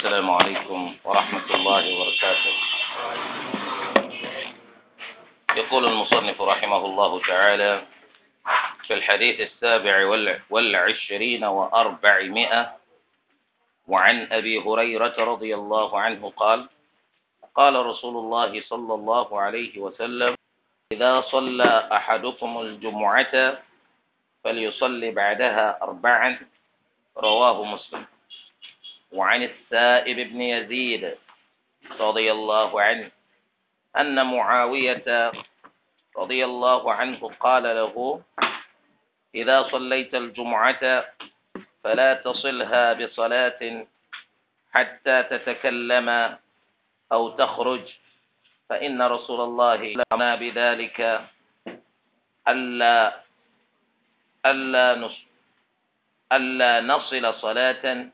السلام عليكم ورحمة الله وبركاته يقول المصنف رحمه الله تعالى في الحديث السابع والعشرين وأربعمائة وعن أبي هريرة رضي الله عنه قال قال رسول الله صلى الله عليه وسلم إذا صلى أحدكم الجمعة فليصلي بعدها أربعا رواه مسلم وعن السائب بن يزيد رضي الله عنه أن معاوية رضي الله عنه قال له إذا صليت الجمعة فلا تصلها بصلاة حتى تتكلم أو تخرج فإن رسول الله لنا بذلك ألا ألا نصل ألا نصل صلاة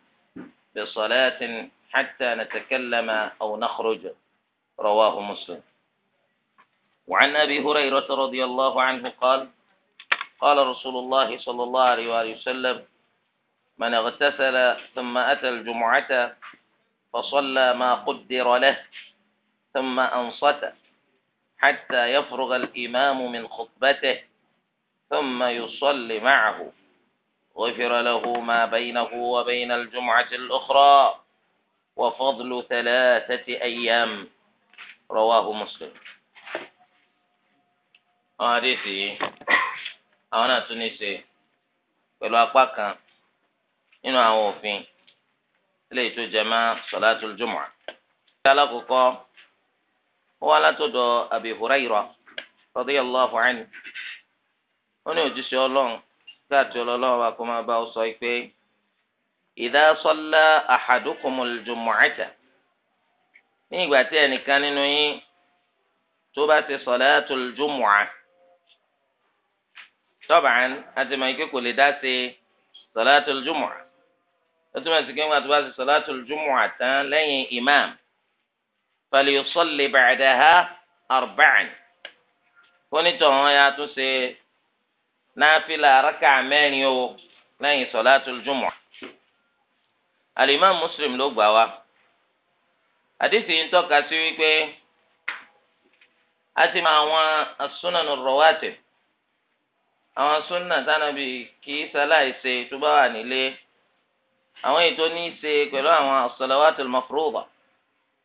بصلاة حتى نتكلم أو نخرج رواه مسلم وعن أبي هريرة رضي الله عنه قال قال رسول الله صلى الله عليه وآله وسلم من اغتسل ثم أتى الجمعة فصلى ما قدر له ثم أنصت حتى يفرغ الإمام من خطبته ثم يصلي معه غفر له ما بينه وبين الجمعة الأخرى وفضل ثلاثة أيام رواه مسلم àdìsí àwọn náà tún ní ṣe pẹ̀lú apá kan nínú àwọn òfin eléyìí tó jẹ mọ́ sọ̀láàtú jùmọ̀. ṣé alákòókò ó wá látọ̀dọ̀ Abi Hurairah radiyallahu anhu ó ní òjíṣẹ́ ọlọ́run sáàtì ọlọ́lọ́wọ́ bá kó máa bá ọ sọ pé idha salla ahadukumul jumu'ata ní ìgbà tí ẹnìkan nínú yín tó bá ti salatul jumu'a tọ́bàn àti mọ̀ ike kò lè dá sí salatul jumu'a ó túmọ̀ sí kéwọ́n àti bá ti salatul jumu'a tán lẹ́yìn imam falyusalli ba'daha arba'an fúnitọ̀ wọn yà tún ṣe náfìlà rákà mẹ́rin o lẹ́yìn sọ̀látul jumu'ah. alimami muslim ló gbà wá àdìsí ń tọ́ka sí wípé a ti mọ àwọn asúnànù rọwátì àwọn súnà tánàbì kì í ṣaláìṣe tó bá wà nílé àwọn ètò ní í ṣe pẹ̀lú àwọn as-salawatul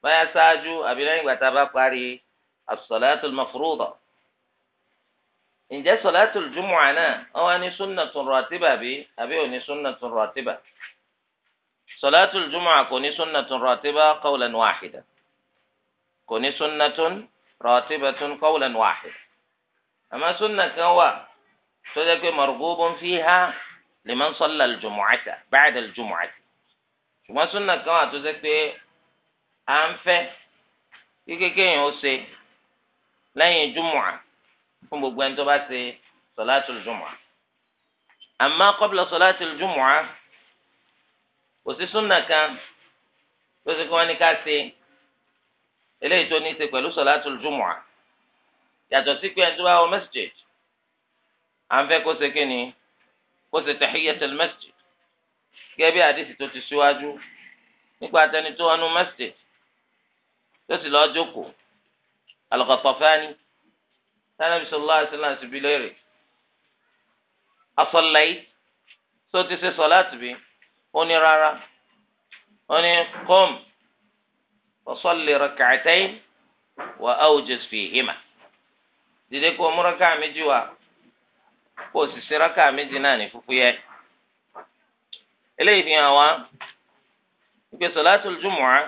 báyà ṣáájú àbí lẹ́yìn ìgbà bá parí as-salatul ǹjẹ́ sọ̀látùl jumu'a náà wọ́n wá ní sunnatun ratiba bí àbí ò ní sunnatun ratiba sọ̀látùl jumu'a kò ní sunnatun ratiba qawlan wahida kò ní sunnatun ratibatun qawlan wahida àmọ́ sunna kan wà tó jẹ́ pé marghubun fiha liman salla al-jumu'ata ba'da al-jumu'ati ṣùgbọ́n sunna kan wà tó jẹ́ pé à ń fẹ́ kí yẹn ó ṣe lẹ́yìn jumu'a fún gbogbo ẹni tó bá ṣe sọláàtì jùmọ̀ àmọ́ kọ́bílà sọláàtì jùmọ̀ kò sí súnà kan tó ṣe kí wọ́n ní ká ṣe eléyìí tó ní í ṣe pẹ̀lú sọláàtì jùmọ̀ yàtọ̀ sí pé ẹni tó bá wọ mẹ́sàgìd à ń fẹ́ kó ṣe kí ni kó ṣe tahiyatul masjid gẹ́gẹ́ bí àdìsí tó ti síwájú nígbà tẹni tó wọnú masjid tó sì lọ́ọ́ jókòó Al-Ghatafani sanabi sallallahu alaihi wasallam ti bi léèrè asọlẹyì tó ti ṣe sọ láti bi ó ní rárá ó ní qum fasalli rak'atayn wa awjiz fihima dìde kó mú raka méjì wá kó o sì ṣe raka méjì náà ní fúfú yẹ fi hàn wá ìpè salatul jumu'ah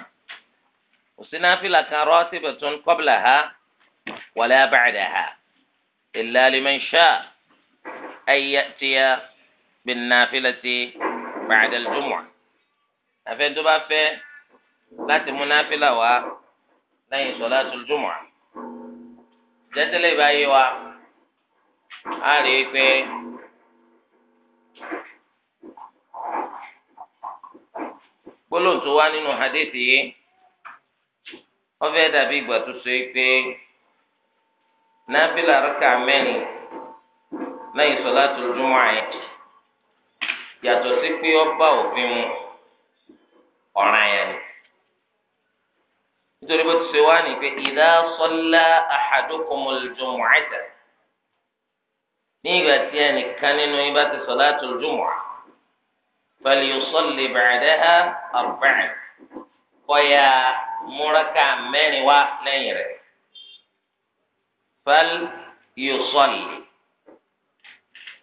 òsínà fìlà kan rọ́ọ̀tì bẹ̀tún qablaha wala ba'daha. إلا لمن شاء أن يأتي بالنافلة بعد الجمعة أفين تبقى في لا تمنافلة و صلاة الجمعة جتلي بأي و أريكي gbólóhùn tó wá nínú hadithi yìí náfìlà rákà mẹ́rin lẹ́yìn sọ̀láàtù الجمعة àyè yàtọ̀ sí pé ó bá òfin mu ọ̀ràn yẹn ni nítorí bó ti ṣe wá ní pé idha salla ahadukumul jumu'ata ní ìgbà tí ẹnìkan nínú yín bá ti sọ̀láàtù jumu'ah falyusalli ba'daha arba'an kọ́ya múraká mẹ́rin wá lẹ́yìn rẹ̀. fal yusalli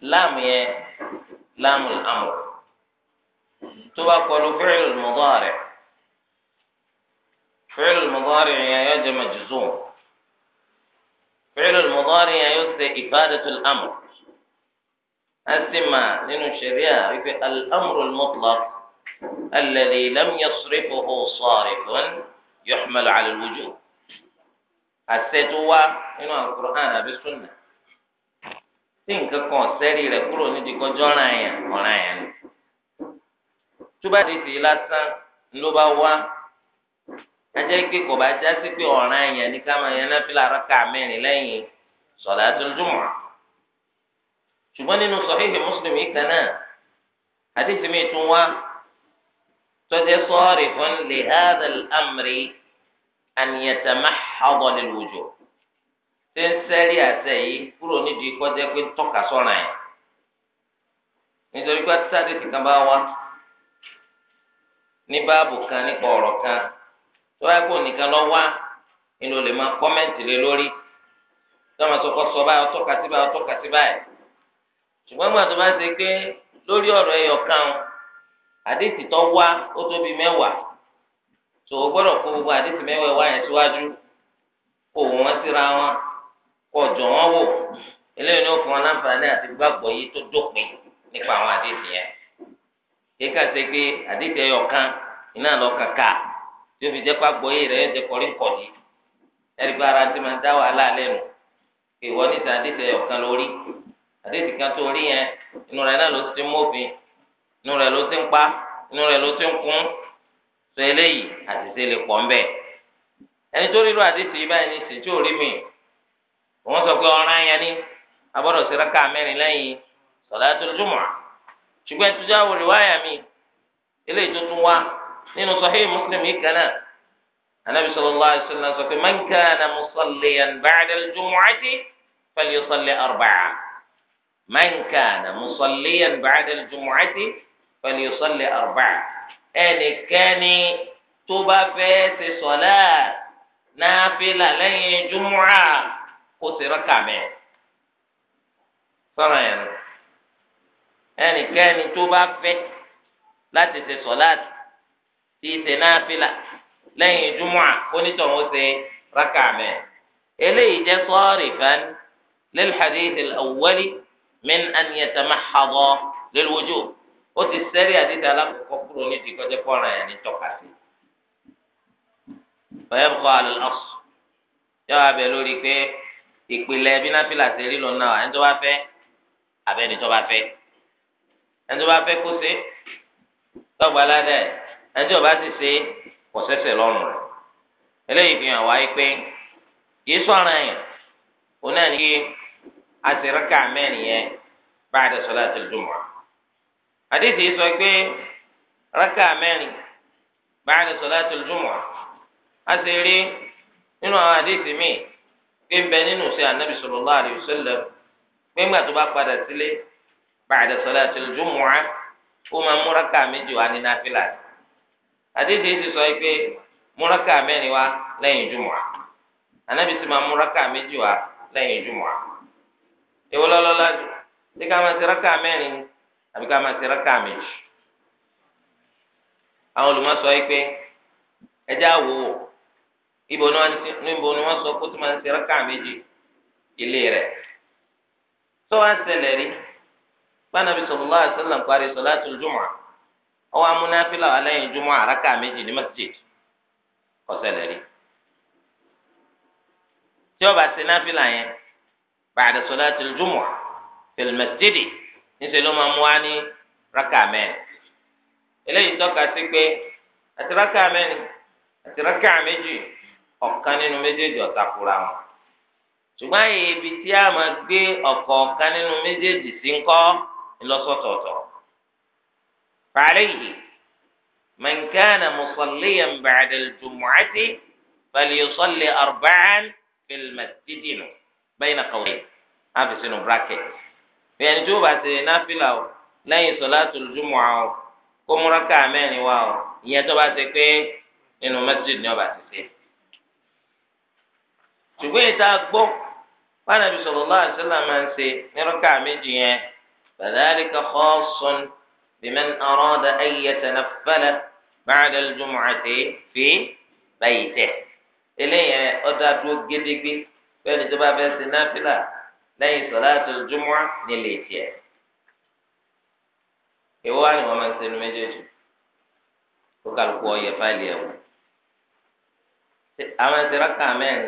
láàmù yẹn láàmù amr tó bá kọlu fi'l mudari' fi'l mudari' yẹn yóò jẹ majzum fi'l mudari' yẹn yóò ṣe ifadatul amr asima nínú sharia wípé al-amru al-mutlaq alladhi lam yasrifuhu sarifun yuhmal ala al-wujub. àṣẹ tó wá nínú Al-Qur'an àbí súnà tí nǹkan kan sẹ́rí rẹ̀ kúrò nídìí kọjọ́ ọ̀ràn àyàn ọ̀ràn àyàn ni tó bá di sí lásán ló bá wá ajá ike kò bá já sí pé ọ̀ràn àyàn ni ká máa yan náfìlà rákà mẹ́rin lẹ́yìn Salatul Jumu'ah ṣùgbọ́n nínú Sahih Muslim kan náà àdéhùn mi tún wá tọ́jú sọ́ọ̀rì fún lihadal amri àníyàtàmá ọ̀dọ̀lẹ̀ lòjò ṣé ń sẹ́rí àṣẹ yìí kúrò nídìí kọjá pé ń tọ́ka sọ́ra yẹn nítorí pé sáré ti kan bá wá ní báàbù kan nípa ọ̀rọ̀ kan tó wáyé kó nìkan lọ wá inú lè máa kọ́mẹ́ǹtì lé lórí tọ́mọ tó kọ́ sọ báyọ̀ tọ́ka sí báyọ̀ tọ́ka sí báyìí ṣùgbọ́n nígbà tó bá ṣe pé lórí ọ̀rọ̀ ẹ̀yọ̀ kan àdéhìtì tó wá ó tó mẹ́wàá tó o gbọ́dọ̀ kó gbogbo àdéhùn mẹ́wẹ̀ẹ́ wáyé síwájú kó wọ́n síra wọn kó jọ wọn wò eléyìí ló fún wọn láǹfààní àti gbàgbọ́ yìí tó dópin nípa àwọn àdéhùn yẹn kíkà ṣe pé àdéhùn ẹyọ kan iná lọ kàkà tí o fi jẹ́ pàgbọ́ yìí rẹ̀ yóò jẹ́ kọrí kọ̀dí ẹ̀rí pé ara ti máa dá wàhálà lẹ́nu ìwọ níta àdéhùn ẹyọ kan lórí àdéhùn kan tó rí yẹn inú rẹ̀ náà ló ti mú òfin inú rẹ̀ ló ti ń pa inú rẹ̀ ló ti ń kún sọ eléyìí àtìsí lè pọ̀ ńbẹ ẹni tó rí lu àtìsí báyìí ní ìsìn tí ò rí mi wọ́n sọ pé ọ̀ràn yẹn ni abọ́dọ̀ sí rákà mẹ́rin lẹ́yìn salatul jumu'a ṣùgbọ́n ẹni tó já wòlé wáyà mi eléyìí tó tún wá nínú sahih muslim yìí kan náà anabi sallallahu alaihi wasallam sọ pé man kana musalliyan ba'da al-jumu'ati falyusalli arba'a man kana musalliyan ba'da al-jumu'ati falyusalli arba'a ẹnikẹ́ni tó bá fẹ́ ṣe sọ̀lá náfìlà lẹ́yìn júmùrà kó ṣe rákà mẹ́rin sọ̀rọ̀ yẹn ẹnikẹ́ni tó bá fẹ́ láti ṣe sọ̀lá tí ṣe náfìlà lẹ́yìn júmùrà onítọ̀hún ṣe rákà mẹ́rin eléyìí jẹ́ sọ́ọ̀rì fẹ́ni lil hadith min an yatamahhada lil ó ti sẹ́rí àdídá alákòókò kúrò ní ìdíkọ́jẹ́ kọ́ra ẹ̀ ní tọ́ka sí ọ̀yẹ́ bùkọ́ àlọ́sù yọ̀wá bẹ̀ lórí pé ìpìlẹ̀ bínáfìlà ṣe rí lọ́nà ẹni tó bá fẹ́ àbẹ́ni tó bá fẹ́ ẹni tó bá fẹ́ kó ṣe tọ́gbà ládà ẹ̀ ẹni tó bá ti ṣe kò sẹ́sẹ̀ lọ́rùn rẹ̀ eléyìí fi hàn wáyé pé kì í sọ̀rọ̀ yẹn òun náà ní kí àtìrẹ́kà mẹ́rin yẹn bá àdàsọ́lá àdéhìí sọ pé rákà mẹ́rin báyìí sọláàtì jùmọ̀ a sì rí nínú àwọn àdéhìí míì pé ń bẹ nínú ṣe ànábì sallallahu alaihi wasallam pé ńgbà tó bá padà sílé báyìí sọláàtì jùmọ̀ ó máa mú rákà méjì wá ní náfìlà àdéhìí sì sọ pé mú rákà mẹ́rin wá lẹ́yìn jùmọ̀ ànábì sì máa mú rákà méjì wá lẹ́yìn jùmọ̀ ìwọlọ́lọ́lá ní ká máa ti rákà mẹ́rin ni àbí ká máa ṣe rákà méjì àwọn olùmọ̀sọ yìí pé ẹjẹ́ àwò ibo ni wọ́n sọ kó tó máa ṣe rákà méjì ilé rẹ̀ tó wá ṣẹlẹ̀ rí gbanabi sallallahu alaihi wasallam parí salatul jumu'a ọwọ́ amúnáfílà alẹ́yìn jumu'a àràkà méjì ní masjid kò ṣẹlẹ̀ rí tí ó bá ṣe náfílà yẹn ba'da salatul jumu'a fil masjidi níṣẹ́ ló máa mú wá ní rákà mẹ́rin eléyìí tọ́ka sí pé àti rákà mẹ́rin àti rákà méjì ọ̀kan nínú méjèèjì ọ̀takùrà wọn ṣùgbọ́n àyè ibi tí a máa gbé ọ̀kọ̀ọ̀kan nínú méjèèjì sí ń kọ́ ńlọ́sọ̀tọ̀ọ̀tọ̀ fàlẹ́yìí من كان مصليا بعد الجمعة فليصلي أربعا في المسجد بين قولين هذا سنو براكت bí ẹni tó bá ṣe náfìlà o lẹ́yìn sọ̀látul jumu'a o kó múra ká mẹ́rin wá o ìyẹn tó bá ṣe pé nínú masjid ni ọba ti ṣe. ṣùgbọ́n ìta gbọ́ Ànábì sallallahu alaihi wasallam máa ń ṣe nírọ́kà méjì yẹn fadhalika khassun biman arada an yatanaffala ba'da al-jumu'ati fi baytihi eléyẹn ó dúró gédégbé fẹ́ni tó bá fẹ́ ṣe náfìlà lẹ́yìn sọ̀láàtò júmọ́ nílé tiẹ̀. èwo wá ni wọ́n máa ń sẹ́nu méjèèjì kó kálukú ọyẹ fáìlì ẹ̀ wò. àwọn ẹsẹ̀ rákà mẹ́rin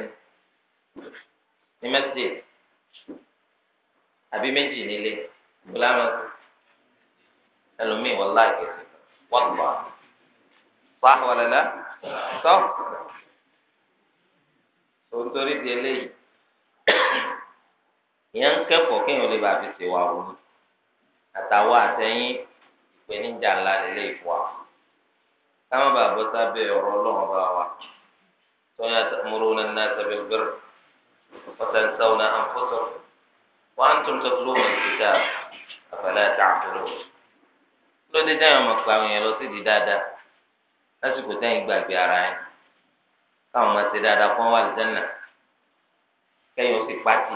ní mẹ́sìtì àbí méjì nílé gbọ́láwọn ẹlòmíì wọ́n láàgẹ̀ wọ́n lọ. sáà wàlẹ́lá sọ. òun torí di eléyìí kẹ́kọ̀ọ́ kéèyàn lè bàa fi ṣe wà wò ni àtàwọn àtẹ̀yìn ìpèníjà ńlá lélẹ̀ ìfọ̀ àwọn káwọn bàa bọ́ sábẹ́ ọ̀rọ̀ ọlọ́run bá wa sọ́yà mọ́rọ́ náà náà sábẹ́ bẹ́rẹ̀ wọ́tẹ̀nsáwọn náà ń fọ́tọ̀ wọ́n á ń tún tọ́tù lóhùn ìdíjà àfẹ́lẹ́ àtàkùrọ̀ lóde dáhùn ọmọ pa àwọn yẹn lọ sí di dáadáa lásìkò táyìn gbàgbé ara yẹn káwọn máa ṣe dáadáa fún wa lè dáná kẹ́yìn ó sì pàtì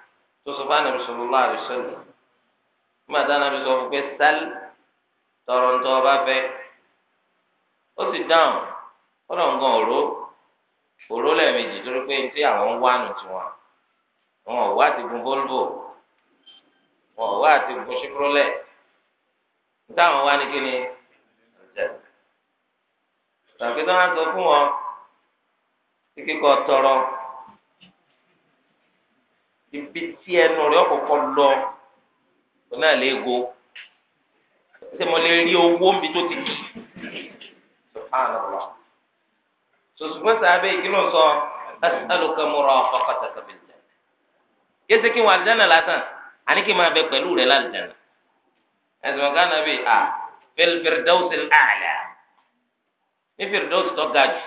tó sọ fún anabi sallallahu alaihi wasallam nígbà tí anabi sọ fún pé sálí tọrọ ń tọ́ ọba fẹ́ ó sì dáhùn kọ́dọ̀ ń gan òró òró lẹ́ẹ̀mejì torí pé tí àwọn ń wá nù tiwọn wọn ò wá ti gun volvo wọn ò wá ti gun chevrolet táwọn wá ní kíni tàbí tí wọn sọ fún wọn kíkọ́ tọrọ ibi tí ẹnu rẹ̀ ọ̀kọ̀ọ̀kọ̀ lọ ọ náà lè go ṣé mo lè rí owó nbi tó ti kì subhanallah sòṣùgbọ́n sàbẹ̀ ìkìlọ̀ sọ as'aluka murafaqataka bil janna yéésì kí wọn àlùjáná lásán àní kí n máa bẹ pẹ̀lú rẹ̀ lálùjáná ẹ̀sìn ọ̀gá bíi a fil firdausil a'la ní firdaus tó ga jù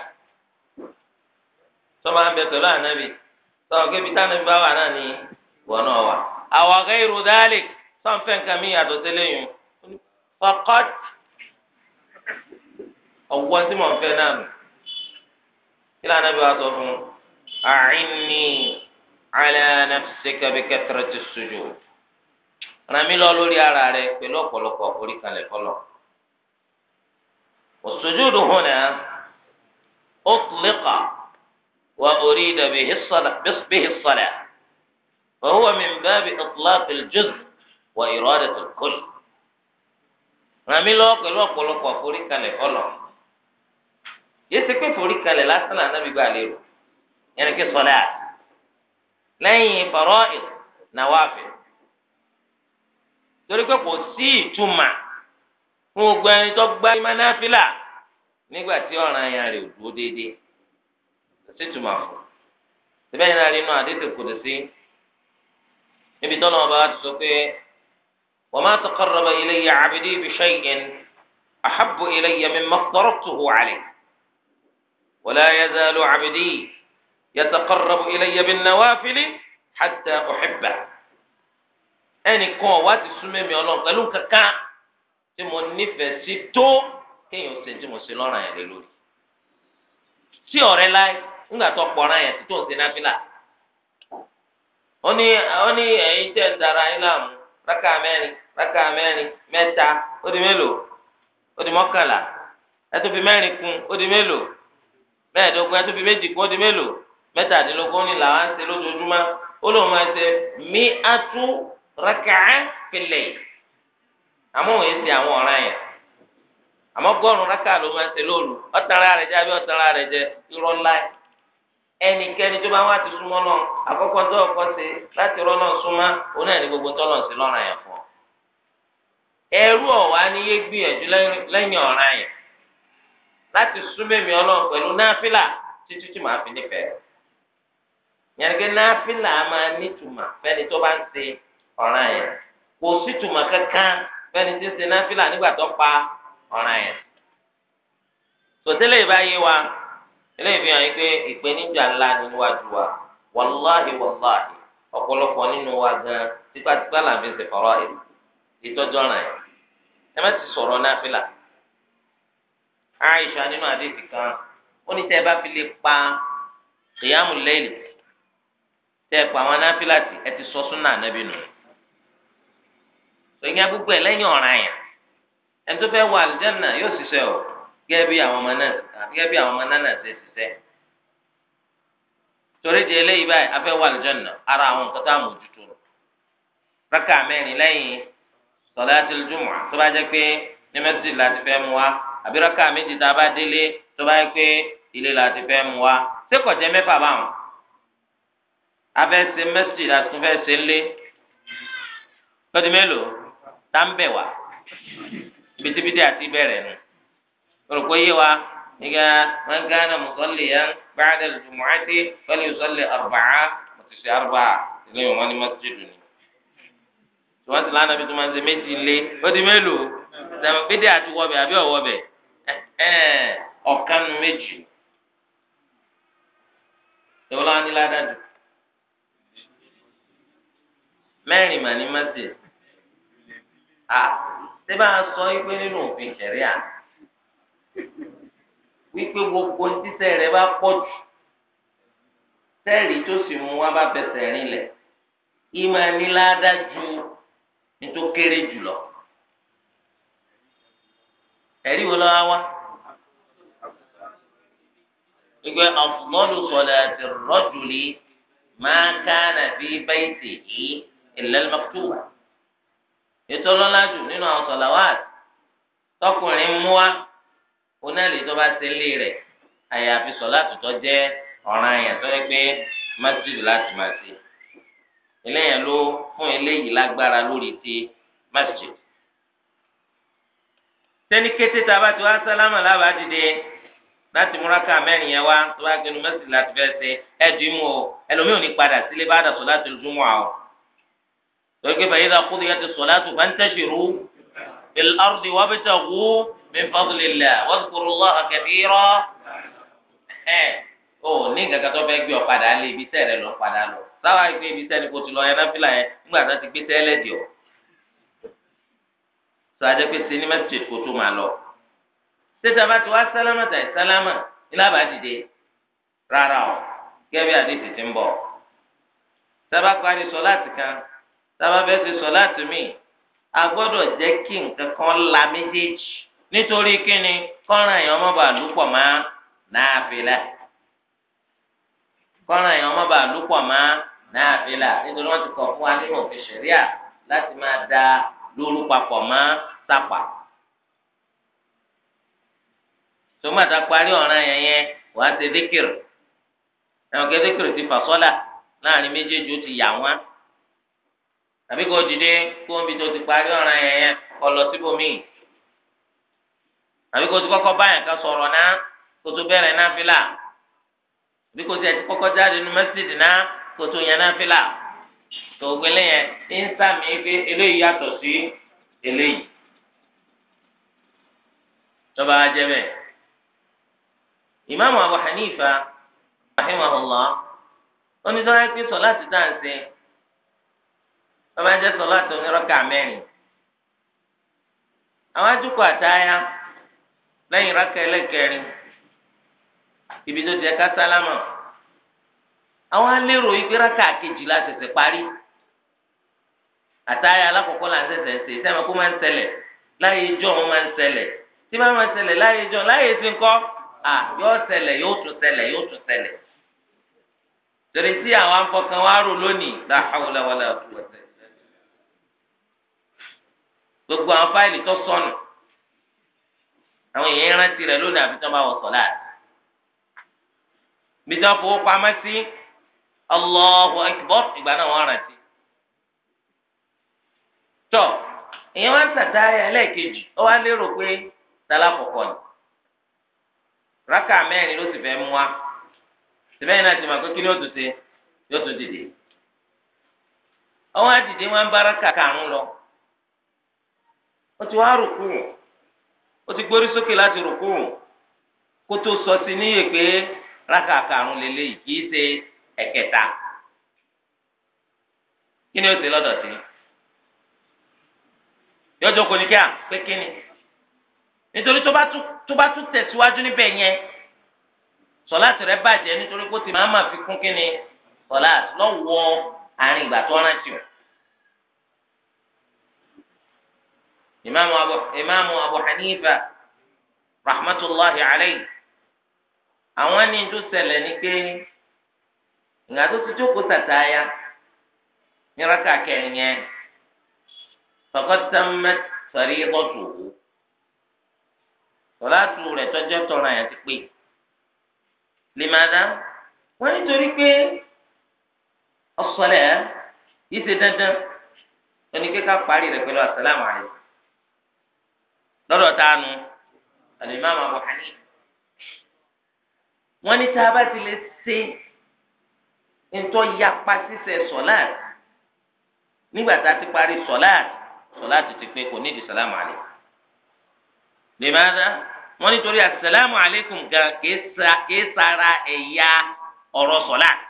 sọ ma bẹ pẹ̀lú ànábì. sọ̀rọ̀ kébi táwọn ibi bá wà náà ni wọ́n náà wà. àwọn ọ̀gá irú nǹkan mi yàtọ̀ sílẹ̀ yìí fọkọ́t ọ̀wọ́ tí mò ń fẹ́ náà nù. kí lóun sọ fún un àìní alẹ́ kẹtẹrẹ ti sojú. ràn mí lọ lórí ara rẹ pẹ̀lú ọ̀pọ̀lọpọ̀ orí kalẹ̀ fọlọ́. òṣojú dùn وأريد به الصلاة به الصلاة فهو من باب إطلاق الجزء وإرادة الكل ràmí lọ́wọ́ pẹ̀lú ọ̀pọ̀lọpọ̀ àforíkalẹ̀ fọlọ̀ yéésì pé foríkalẹ̀ lásán ànábi gbà lérò yẹn kí sọlẹ̀ à torí pé kò sí ìtumà fún gbogbo ẹni tó gbá imánáfílà nígbà tí ọ̀ràn rẹ̀ ò dúró déédéé. títúmọ̀ fún síbẹ̀ yìí náà rí inú àdéhùn kò dé sí níbi tọ́lọ́ ọba ti sọ pé wa ma taqarraba ilayya abdi bi shay'in ahabbu ilayya mimma aftaratuhu alayhi wa la yazalu abdi yataqarrabu ilayya bin nawafili hatta uhibba ẹnìkan ọ̀wá ti súnmẹ́mi ọlọ́run pẹ̀lú kankan tí mo nífẹ̀ẹ́ sí tó kéèyàn ṣe tí mo ṣe lọ́ràn yẹn lórí tí ọ̀rẹ́ láyé. ńgbà tó kpọ̀ràn yẹn tó ń ṣe náfìlà ó ní ó ní ẹ̀yin tẹ̀ ń dara yín láàmú raka mẹ́rin raka mẹ́rin mẹ́ta ó di mélòó ó di mọ́kànlá e ẹ e fi o kún ó di mélòó mẹ́ẹ̀ẹ́dógún ẹ fi méjì kún ó di mélòó ni làwọn ó lóun máa atú àwọn yẹn àmọ́ ló máa ẹnikẹ́ni tó bá wá ti súnmọ́ náà àkọ́kọ́ tó ọkọ ṣe láti rọ́ náà súnmọ́ òun náà ní gbogbo tọ́lọ̀ sí lọ́ràn yẹn fún ọ. ẹrú ọ̀wá ni yé gbìyànjú lẹ́yìn ọ̀ràn yẹn láti súnmẹ́mí ọlọ́run pẹ̀lú náfìlà títí tí màá fi nífẹ̀ẹ́. náfìlà máa fẹ́ni tó bá ń ṣe ọ̀ràn yẹn kò sí kankan fẹ́ni tí ń ṣe náfìlà nígbà tó pa ọ̀ràn yẹn. eléyìí fi hàn yín pé ìpèníjà ńlá níwájú wa wàláhì wàláhì ọ̀pọ̀lọpọ̀ nínú wa gan tipátipá là ń fi ṣèfọ̀rọ̀ ẹ̀ ìtọ́jú ọ̀ràn ẹ̀ ẹ má ti sọ̀rọ̀ náfìlà Aisha nínú àdéhìí kan ó ní tẹ́ ẹ bá fi lè pa kìyàmù lẹ́yìn tẹ́ pa àwọn náfìlà tí ẹ ti sọ súnà ànábì nù sọ̀yìn agbègbè lẹ́yìn ọ̀ràn yẹn ẹni tó fẹ́ wọ àlùjánnà yóò ṣiṣẹ́ o gẹ́gẹ́ bí àwọn ọmọ náà gẹ́gẹ́ bí àwọn ọmọ náà náà ṣe ṣiṣẹ́ torí di eléyìí báyìí afẹ́ wà lójọ́nà ara àwọn nǹkan tó àmójútó rákà mẹ́rin lẹ́yìn sọ̀láàtì jùmọ̀ tó bá jẹ́ pé ní mẹ́sìlì láti fẹ́ mu wa àbí rákà méjì tá a bá délé tó bá jẹ́ pé ilé láti fẹ́ mu wa ṣé kò jẹ́ mẹ́fà báwọn afẹ́ ṣe mẹ́sìlì láti fẹ́ ṣe ńlé lọ́dún mélòó tá ń bẹ̀ wá bìtìbìtì àti bẹ̀rẹ̀ nù olùkọ́ yé wa nígbà man kana musalliyan ba'da al-jumu'ati falyusalli arba'a mọ̀tìsí arba'a ilé ìwọ̀n wọn ni masjidu ni. tiwọn ti lánàá bí tó máa ń ṣe méjì lé ó di mélòó sàmì pédé àti wọbẹ àbí ọwọbẹ ọkànnù méjì ìwọlọ wọn ni ládàjù mẹ́rin mà ní masjid à ṣé bá a sọ yí pé nínú òfin ṣẹ̀ríà. wípé gbogbo títẹ rẹ bá pọ̀ jù sẹẹrí tó sì mú wa bá ju nítorí kéré jùlọ ẹ̀rí wo lọ́wọ́ wá ìgbẹ́ afdalu ma kana fi baytihi illa al-maktuba ètò ọlọ́lá jù nínú àwọn tọkùnrin mú wa. onáàlì tó bá ṣe lé rẹ̀ àyàfi sọlá tutọ́ jẹ́ ọ̀ràn àyàn tó yẹ pé masjid láti máa ṣe eléyàn ló fún eléyìí lágbára lórí ti masjid sẹ́ni kété tá a bá ti wá sálámà lábàá dìde láti múraká mẹ́rin yẹn wá tó bá gbẹnu masjid láti fẹ́ ṣe ẹ̀dùn ìmú o ẹlòmíràn ní padà sílé bá dà solatul jumu'a o torí pé fa idha qudiyati ssalatu fantashiru fil ardi wabtaghu min fadlillah wadhkurullaha katira ẹ̀ ò ní nǹkan tó fẹ́ gbé ọ padà lé ibi tẹ́ rẹ lọ padà lọ sáwà gbé ibi tẹ́ ni kò ti lọ yẹn náfìlà yẹn nígbà tó ti gbé tẹ́lẹ̀ dì ọ́ sọ adé pé sinimá ti kò tó máa lọ tètè bá ti wá sálámà tàì sálámà ilá bá dìde rárá o gẹ́gẹ́ bí àdéhùn ti ń bọ̀ sábà parí sọ láti kan sábà bẹ́ẹ̀ ti sọ láti míì a gbọ́dọ̀ jẹ́ kí nǹkan kan la méjèèjì nítorí kíni kọ́ran èèyàn má bàa lúpọ̀ má náàfilà kọ́ran èèyàn má bàa lúpọ̀ má náàfilà nítorí wọ́n ti fún wa nínú òfin ṣẹ̀ríà láti máa da lóru papọ̀ má sápà. tòmátà parí ọ̀ràn yẹn yẹn wàá ṣe díkìrì ẹ̀wọ̀n kẹ́ díkìrì ti fà sọ́là láàrin ti yà wọ́n tàbí kò dìde kó bi tó ti parí ọ̀ràn yẹn yẹn lọ síbòmíì. àbí kó o ti kọ́kọ́ báyìí ká sọ̀rọ̀ náà kó o tó bẹ̀rẹ̀ náà fìlà àbí kó o ti kọ́kọ́ jáde nu mẹ́sídìí náà kó o tó yẹn náà fìlà tó o gbélé yẹn ní sàmì pé eléyìí yàtọ̀ sí eléyìí tọ́ba á jẹ́ bẹ́ẹ̀. ìmáàmù Abu Hanifa rahimahullah onídọ́rọ́ ẹ pé sọlá ti dá tọ́ba jẹ́ sọlá tó ní rọ́kà àwọn àjùkọ àtàyà lẹ́yìn rákà ẹlẹ́kẹrin ibi tó ti ẹ̀ka sálámà àwọn alérò igbe rákà kejì la ṣẹ̀ṣẹ̀ parí àtàyà alákọ̀ọ́kọ́ la ń ṣẹ̀ṣẹ̀ ṣe sẹ́mi kó máa ń ṣẹlẹ̀ láyé ijó wọn máa ń ṣẹlẹ̀ tí bá máa ń ṣẹlẹ̀ láyé ijó láyé ti ń kọ́ à yóò ṣẹlẹ̀ yóò tún ṣẹlẹ̀ yóò tún ṣẹlẹ̀ torí tí àwọn afọkàn wa rò lónìí la hawla wala quwwata gbogbo àwọn fáìlì tó sọnù. àwọn èèyàn rántí rẹ̀ lónìí àfi tó bá wọ sọlá bí tó fowó sí ìgbà náà wọ́n rántí. tọ èèyàn wá ń tàtà ẹlẹ́ẹ̀kejì ó wá lérò pé tálá kọ̀kọ́ ni rákà ló sì mú wa náà ti ó tún ṣe yóò tún ó ti gbórí sókè láti rùkú kó tó sọ sí níyè pé rákà karùn-ún lélẹ́yìí í ṣe ẹ̀kẹta kí ni ó ṣe lọ́dọ̀ sí yọjọ kò ní kí à pé kí ni nítorí tó bá tún tẹ̀síwájú níbẹ̀ yẹn sọláàtì rẹ bàjẹ́ nítorí kó ti máa ma fi kún kí ni sọláàtì lọ́wọ́ àárín ìgbà tó rántí o. ìmáàmù abu hanifa rahmatulahi alayhi àwọn ẹni tó ṣẹlẹ̀ ni pé ìgbà tó ti jókòó ya ní rákà kẹrin yẹn faqad tammat rẹ̀ tọ́jọ́ yẹn ti pé limada wọ́n pé ọ̀sọ̀lẹ̀ yìí ṣe dandan oníkẹ́kẹ́ parí rẹ̀ pẹ̀lú lọ́dọ̀ tánu alimami Abu Hanifa wọ́n ní tá a bá ti lè ṣe ntọ́ yapa sísẹ sọ̀láàtì nígbà tá a ti parí sọ̀láàtì sọ̀láàtì ti pé kò nídìí sàlámù àlè lèmọ́dá wọ́n nítorí àsàlámù àlékùm gan kìí sara ẹ̀yà ọ̀rọ̀ sọ̀láàtì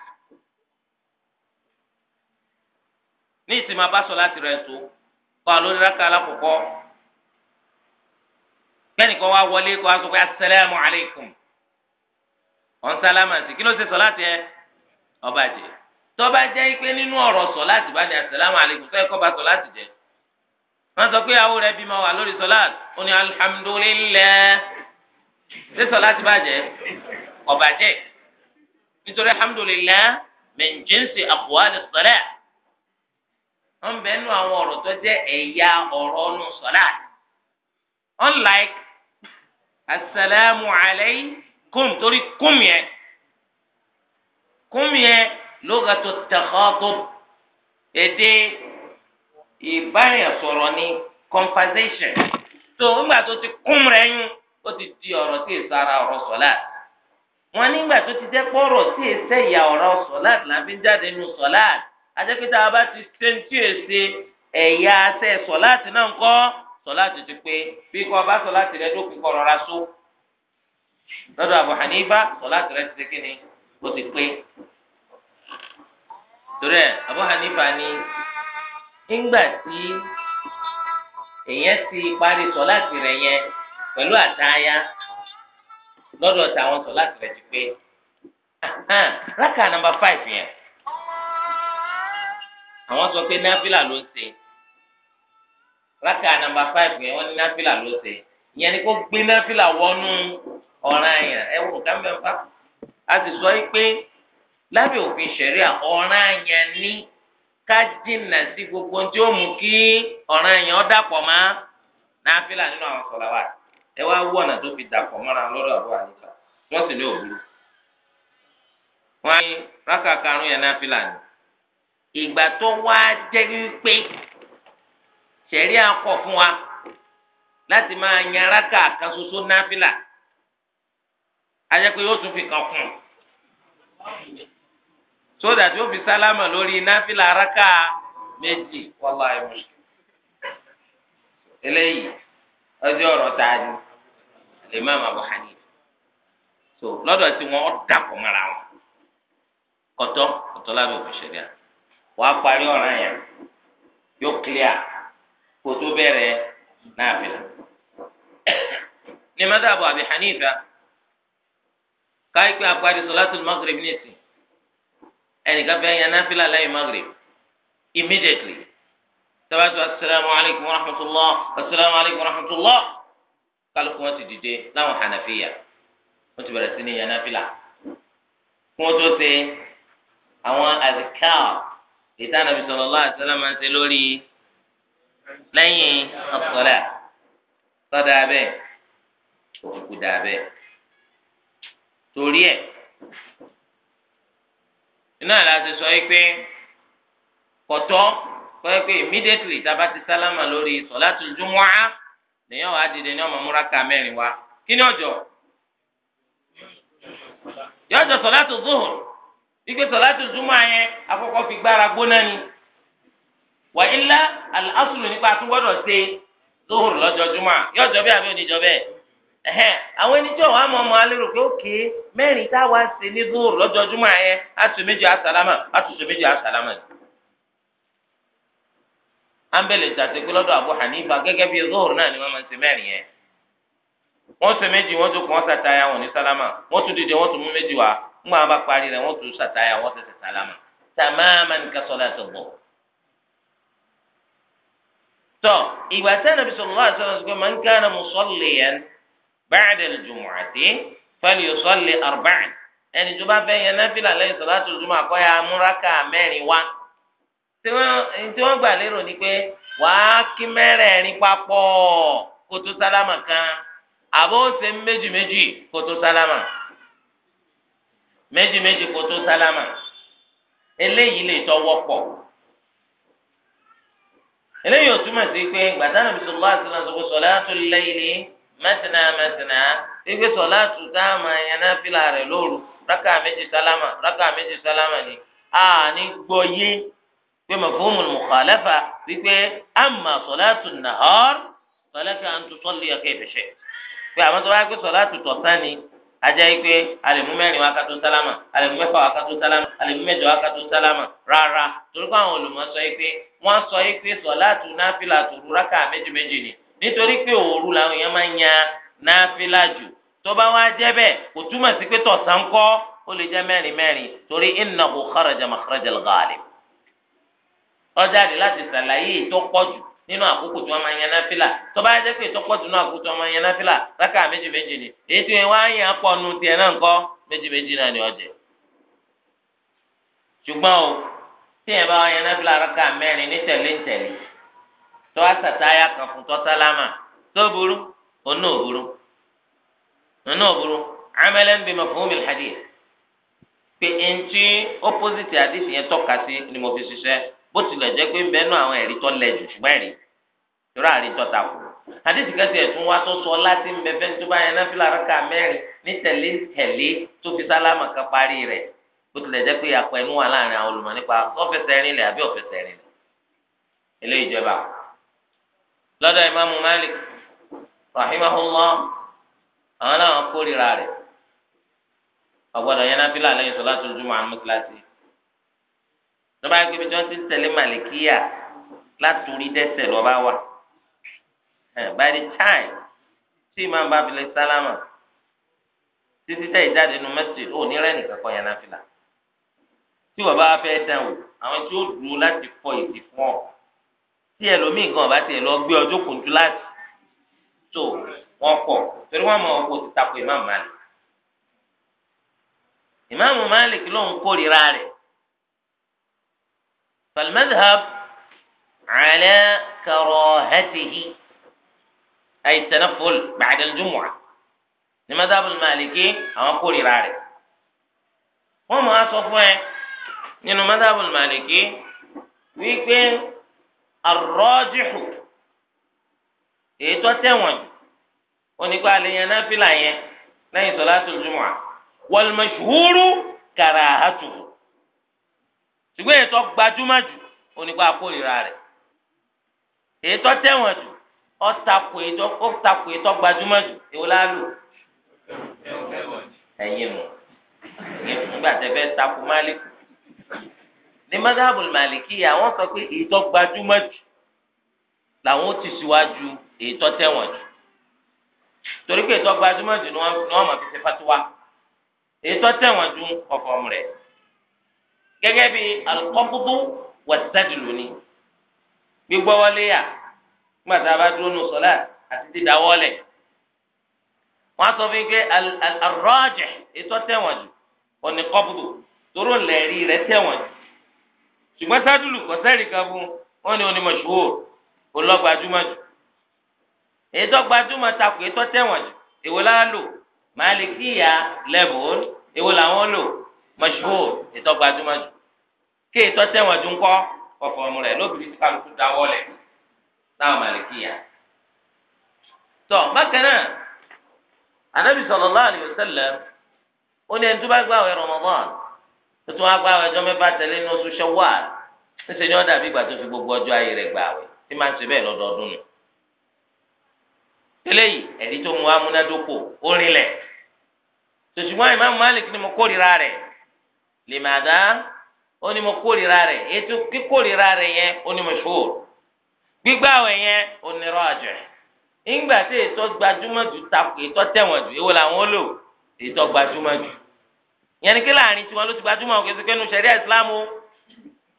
ní ìsìn máa bá sọ̀láàtì rẹ̀ so kọ́ àlórí rákà alákọ̀ọ́kọ́ kẹ́nìkan wá wọlé kó wá sọ pé asalaamu aleykum ọ̀n sálámà sí kí ló ṣe sọ láti ẹ ọba jẹ tọ́ba jẹ́ ipe nínú ọ̀rọ̀ sọ láti bá ní asalaamu aleykum sọ ẹ̀kọ́ bá sọ láti jẹ wọ́n sọ pé àwọn rẹ̀ bímọ wà lórí sọ láti ó ní alihamudulilayi ṣé sọ láti bàjẹ́ ọba jẹ́ nítorí alihamudulilayi mẹ̀njínsì àkùwálì sọ̀rẹ́ wọ́n bẹ̀ẹ́ nú àwọn ọ̀rọ̀ tó jẹ́ ẹ̀yà ọ̀rọ̀ ọ̀nù sọ̀rẹ́ unlike asalaamu alaykum torí kum yẹn kum yẹn lugatu takhatub èdè ìbáyàsọ̀rọ̀ ní conversation tó nígbà tó ti kum rẹ̀ yún ó ti di ọ̀rọ̀ tí èso ara ọ̀rọ̀ sọ̀lá wọn nígbà tó ti jẹ́ pọ̀rọ̀ tí èso ìyá ọ̀rọ̀ sọ̀lá làbí jáde nù sọ̀lá àjẹpẹ́tà bá ti ṣe ń ẹ̀yà àṣẹ sọ̀lá àti náà ń kọ́ sọláàtì ti pé bí kò bá sọláàtì rẹ dókun kọ rọra só lọ́dọ̀ Abu Hanifa sọláàtì rẹ ti ṣe kíni o ti pé torí ẹ Abu Hanifa ni ńgbà tí èèyàn ti parí sọláàtì rẹ yẹn pẹ̀lú àtayá lọ́dọ̀ táwọn sọláàtì rẹ ti pé rákà nàmbà fáìfì yẹn àwọn sọ pé náfìlà ló ń ṣe. raka namba fáìfù yẹn wọ́n ní náfìlà ló ṣe ni kó gbé náfìlà wọnú ọ̀ràn àyàn ẹ wò ká a sì sọ pé lábẹ́ òfin ṣẹ̀ríà ọ̀ràn àyàn ní ká jìnnà sí gbogbo tí ó mú kí ọ̀ràn àyàn dàpọ̀ mọ́ náfìlà nínú àwọn sọ̀rọ̀ ẹ wá wú ọ̀nà tó fi dàpọ̀ mọ́ra lọ́dọ̀ àbúrò àyíká wọ́n sì ní òwúrò karùn yẹn ṣẹ̀rí akọ̀ fún wa láti máa yan rákà kan ṣoṣo náfìlà ajẹ́pẹ́ yóò tún fi kan kùn sódà tí ó fi sálámà lórí náfìlà rákà méjì mú eléyìí tá Abu so tí wọn kó tó bẹ̀rẹ̀ náfìlà. ní madhabu Abi Hanifa káyipẹ́ àpárí sọláàtì magreb nìsí ẹnìkan fẹ́ yan náfìlà lẹ́yìn magreb immediately tabatu asalaamu alaykum wa rahmatulah asalaamu alaykum wa rahmatulah kálukú wọn ti dìde láwọn hànàfíyà wọn ti bẹ̀rẹ̀ sí ní yan náfìlà kó tó ṣe àwọn àdìkáà ìtànàbí sallallahu alaihi wasallam máa ń ṣe lórí lẹ́yìn ọ̀sọ̀lá tọ́da bẹ́ẹ̀ òkùnkù dà bẹ́ẹ̀ torí ẹ̀ iná láti sọ yìí pé kọ̀tọ́ kọ́ ẹ pé immediately tába ti sálámà lórí sọ̀látùl jumu'a lèyàn wá dìde ní ọmọ múra ká mẹ́rin wá kí ni ọjọ́ yọjọ sọ̀látù zuhur wípé sọ̀látùl jumu'a yẹn akọ́kọ́ fi gbára gbóná ni wà ilá. al-aslu nípa tó gbọ́dọ̀ ṣe zuhur lọ́jọ́ juma yọjọ́ bẹ́ẹ̀ àbí oníjọ́ bẹ́ẹ̀ ẹ̀hẹ́n àwọn ẹni tí ọ̀wọ́ àmọ́ ọmọ alérò pé òkè mẹ́rin táwa ṣe ní zuhur àtúntò méjì àtúntò méjì pé Abu Hanifa bí náà ni máa ṣe ṣe méjì ṣàtàyà wọn ní sálámà tún dìde tún mú méjì tọ ìgbà tí anabi sallallahu alaihi wasallam sọ pé man kana musalliyan ba'da al-jumu'ati falyusalli arba'an ẹni tó bá fẹ́ yẹn náfìlà lẹ́yìn sọ̀láàtù jùmọ̀ àkọ́yà amúraka mẹ́rin wá tí wọ́n gbà lérò ni pé wàá kí mẹ́rẹ̀ẹ̀rin papọ̀ kó tó sálámà kan àbó ṣe méjì méjì kó tó sálámà méjì méjì kó tó sálámà eléyìí lè tọ́ wọ́pọ̀ eléyìí ò túmọ̀ sí pé gbàdánù bisalòlá àti lásìkò sọlá tó lẹ́yìn ní mẹ́tìnà mẹ́tìnà wípé sọlá tó dáàmà yẹn náà fìlà rẹ̀ lóru rákà méjì sálámà rákà méjì sálámà ni a ní gbọ́ yé pé mafhumu mukhalafa wípé àmà sọlá tó nàhọ́r sọlá tó à ń tutọ́ lé ọkẹ́ ìfẹsẹ̀ pé àwọn tó bá gbé sọlá tó tọ̀ sani ajá yìí pé alẹ́mú mẹ́rin wá kátó sálámà alẹ́mú mẹ́fà wá kátó sálámà alẹ́mú mẹ́jọ wá kátó sálámà rárá torí pé àwọn olùmọ̀ sọ yìí pé wọ́n sọ yìí pé sọ̀láàtù náfìlà tòru rákà méjì méjì ni nítorí pé òru làwọn èèyàn máa ń yan náfìlà jù tó bá wá jẹ́ bẹ́ẹ̀ kò túmọ̀ sí pé tọ̀sán kọ́ ó lè jẹ́ mẹ́rin mẹ́rin torí innahu kharaja ọjà láti sàlàyé ìtọ́pọ̀jù nínú àkókò tí máa ń yan náfìlà tó bá jẹ́ pé ìtọ́pọ̀jù àkókò tí máa ń tíyẹn bá wọn yẹn náà fìlà rákà mẹ́rin ní tẹ̀lé ń tẹ̀lé tó wá sàtáyà kan fún tọ́sálámà tó burú onú òburú onú òburú amalan bi mafhumil hadith pé eŋti opposite hadith yẹn tọ́ka sí ni mo fi ṣiṣẹ́ bó tilẹ̀ jẹ́ pé mbẹ́nu àwọn ẹ̀rí tọ́ lẹ̀ jù ṣùgbọ́n ẹ̀rí ìrọ̀ àrí tọ́ ta kù hadith kẹsì ẹ̀tún wa tó sọ láti mbẹ́fẹ́ tó bá yẹn náà fìlà mẹ́rin ní tẹ̀lé tẹ̀lé tó fi sálámà kan parí rẹ̀ bó tilẹ̀ jẹ́ pé àpò ẹ̀mú wà láàrin àwọn olùmọ̀ nípa ọ̀fẹ́sẹ̀ rìn lẹ̀ àbí ọ̀fẹ́sẹ̀ lọ́dọ̀ Malik rahimahullah àwọn náà kórìíra rẹ̀ ọ̀gbọ́dọ̀ yẹn náà fílà lẹ́yìn sọlá tó jùmọ̀ àwọn kíláàsì lọ́ba yẹn kébi tí wọ́n ti tẹ̀lé malikiya látòrí dẹ́sẹ̀ lọ́ba wà eh, by the time tí ìmáàmù bá fi tí wọn bá fẹ́ dán o àwọn tí ó dúró láti fọ ìdí fún ọ tí ẹlòmíì kan bá tiẹ̀ lọ gbé ọjọ́ kùnjú láti tó wọn kọ torí wọn mọ ọkọ ti tako ìmáàmù Malik ìmáàmù Malik ló ń kórìíra rẹ̀ falmadhab ala karahatihi ay tanaful ba'da al-jumu'ah madhab maliki àwọn kórìíra rẹ̀ wọn mọ asọ fún ẹ nínú madhabul Maliki wípé arrajihu èyí tó tẹ̀wọ̀n jù onípa àlèyàn náfìlà yẹn lẹ́yìn salatul jumu'a wal mashhuru karahatuhu ṣùgbọ́n èyí tó gbajúmọ̀ jù onípa àkórìíra rẹ̀ èyí tó tẹ̀wọ̀n jù ọtakò ètò ọtakò ètò gbajúmọ̀ jù èwo la lò ẹ̀yin mu nígbà tẹ́ fẹ́ takò ní madhabul maliki àwọn sọ pé ètò gbajúmọ̀ jù làwọn ó ti síwájú ètò tẹ̀wọ̀n jù torí pé ètò gbajúmọ̀ jù ni wọ́n máa fi ṣe fatiwa ètò tẹ̀wọ̀n jù ọ̀fọ̀m rẹ̀ gẹ́gẹ́ bí alukọ́kútú wàsádìlú ni gbígbọ́ wọlé yà gbàtà bá dúró nù sọ́lá àti dídá wọlé wọ́n á sọ fún yín pé arọ́jẹ̀ ètò tẹ̀wọ̀n jù òní kọ́kútú tóró lẹ́ẹ̀rí rẹ̀ tẹ̀wọ̀n ṣùgbọ́n sádùlù kọ́sẹ́rì kan fún wọn ni onímọ̀ ṣòwò olọ́gbàdúmọ̀ jù ètò gbajúmọ̀ takò ètò tẹ̀wọ̀n jù èwo la lò màálìkíyà lẹ́bùn èwo làwọn lò mọ̀ṣúhùr ètò gbajúmọ̀ jù kí ètò tẹ̀wọ̀n jù ń kọ́ kọ̀fọ̀ ọmọ rẹ̀ lóbìnrin tí kálukú dáwọ́ lẹ̀ táwọn màálìkíyà. tọ́ bákan náà anábì sallallahu alaihi wasallam ó ní ẹni tó bá gbààwẹ̀ Ramadan tó tún wá gbààwẹ̀ ọjọ́ mẹ́fà tẹ̀lé ní oṣù Ṣawwal ńṣe ni wọ́n dàbí ìgbà tó fi gbogbo ọjọ́ ayé rẹ̀ gbààwẹ̀ tí máa ń ṣe bẹ́ẹ̀ lọ́dọọdún nù. eléyìí ẹ̀dí tó mu amúnádókò ó rinlẹ̀ tòṣùgbọ́n ìmáàmù Malik ni mo kórìíra rẹ̀ lèmàdá ó ní mo kórìíra rẹ̀ ètò kíkórìíra rẹ̀ yẹn ó ní mo ṣòro gbígbààwẹ̀ yẹn ó ní rọ́ọ̀jẹ̀ ńgbà tí ètò gbajúmọ̀ jù ta ètò tẹ̀wọ̀n jù èwo làwọn ó lò ètò gbajúmọ̀ jù yẹn ni kí láàrin tiwọn ló ti gbajúmọ̀ kí ẹsẹ̀ kẹ́nu sẹ̀ríà islam o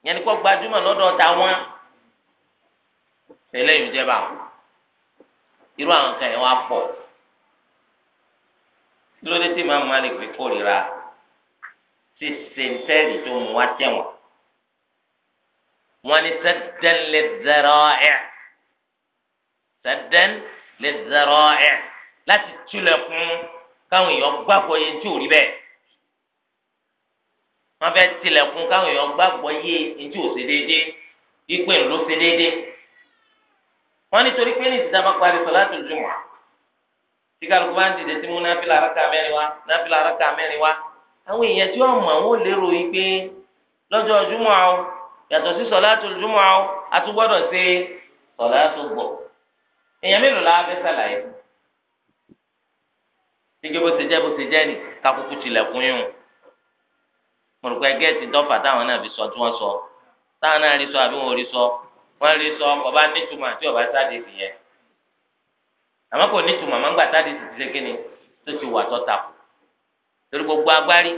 yẹn ni kó gbajúmọ̀ lọ́dọ̀ tàwọn tẹ̀lé yìí jẹ́ bá irú àwọn kan yẹn wá pọ̀ kí ló dé tí màmú Malik fi kórìíra ti sèǹtẹ́rì tó mu wá tẹ̀wọ̀n wọn ni sẹ́dẹ̀n lè zẹ̀rọ̀ ẹ̀ sẹ́dẹ̀n lè zẹ̀rọ̀ ẹ̀ láti túlẹ̀ fún káwọn èèyàn gbàgbọ́ yẹn tí ò rí bẹ́ẹ̀ wọn fẹẹ tilẹ̀kùn káwọn èèyàn gbàgbọ́ yé ntí ò ṣe déédéé ipò ìlú ṣe déédéé wọn nítorí pé ní ìsìtàbà parí sọlá tó jùmọ tí kálukú bá ń dìde tí mú náfìlà araka mẹ́rin wá náfìlà araka mẹ́rin wá àwọn èèyàn tí wọn mọ àwọn ò lérò yìí pé lọ́jọ́ jùmọ àwọn yàtọ̀ sí sọlá tó àwọn àtúgbọ́dọ̀ ṣe sọlá tó gbọ́ èèyàn mélòó la fẹ́ sàlàyé gbígbé bó ṣe jẹ́ bó ṣe jẹ́ ni kakuku tilẹ̀kùn yìí mo rò pé gẹ́ẹ̀tì dọ́fà táwọn náà fi sọ tí wọ́n sọ táwọn náà rí sọ àbí wọn ò rí sọ wọ́n rí sọ ọba nítumọ̀ àti ọba sáde sì yẹn kò nítumọ̀ àmọ́ ńgbà sáde sì ti tó ti wà torí gbogbo agbárí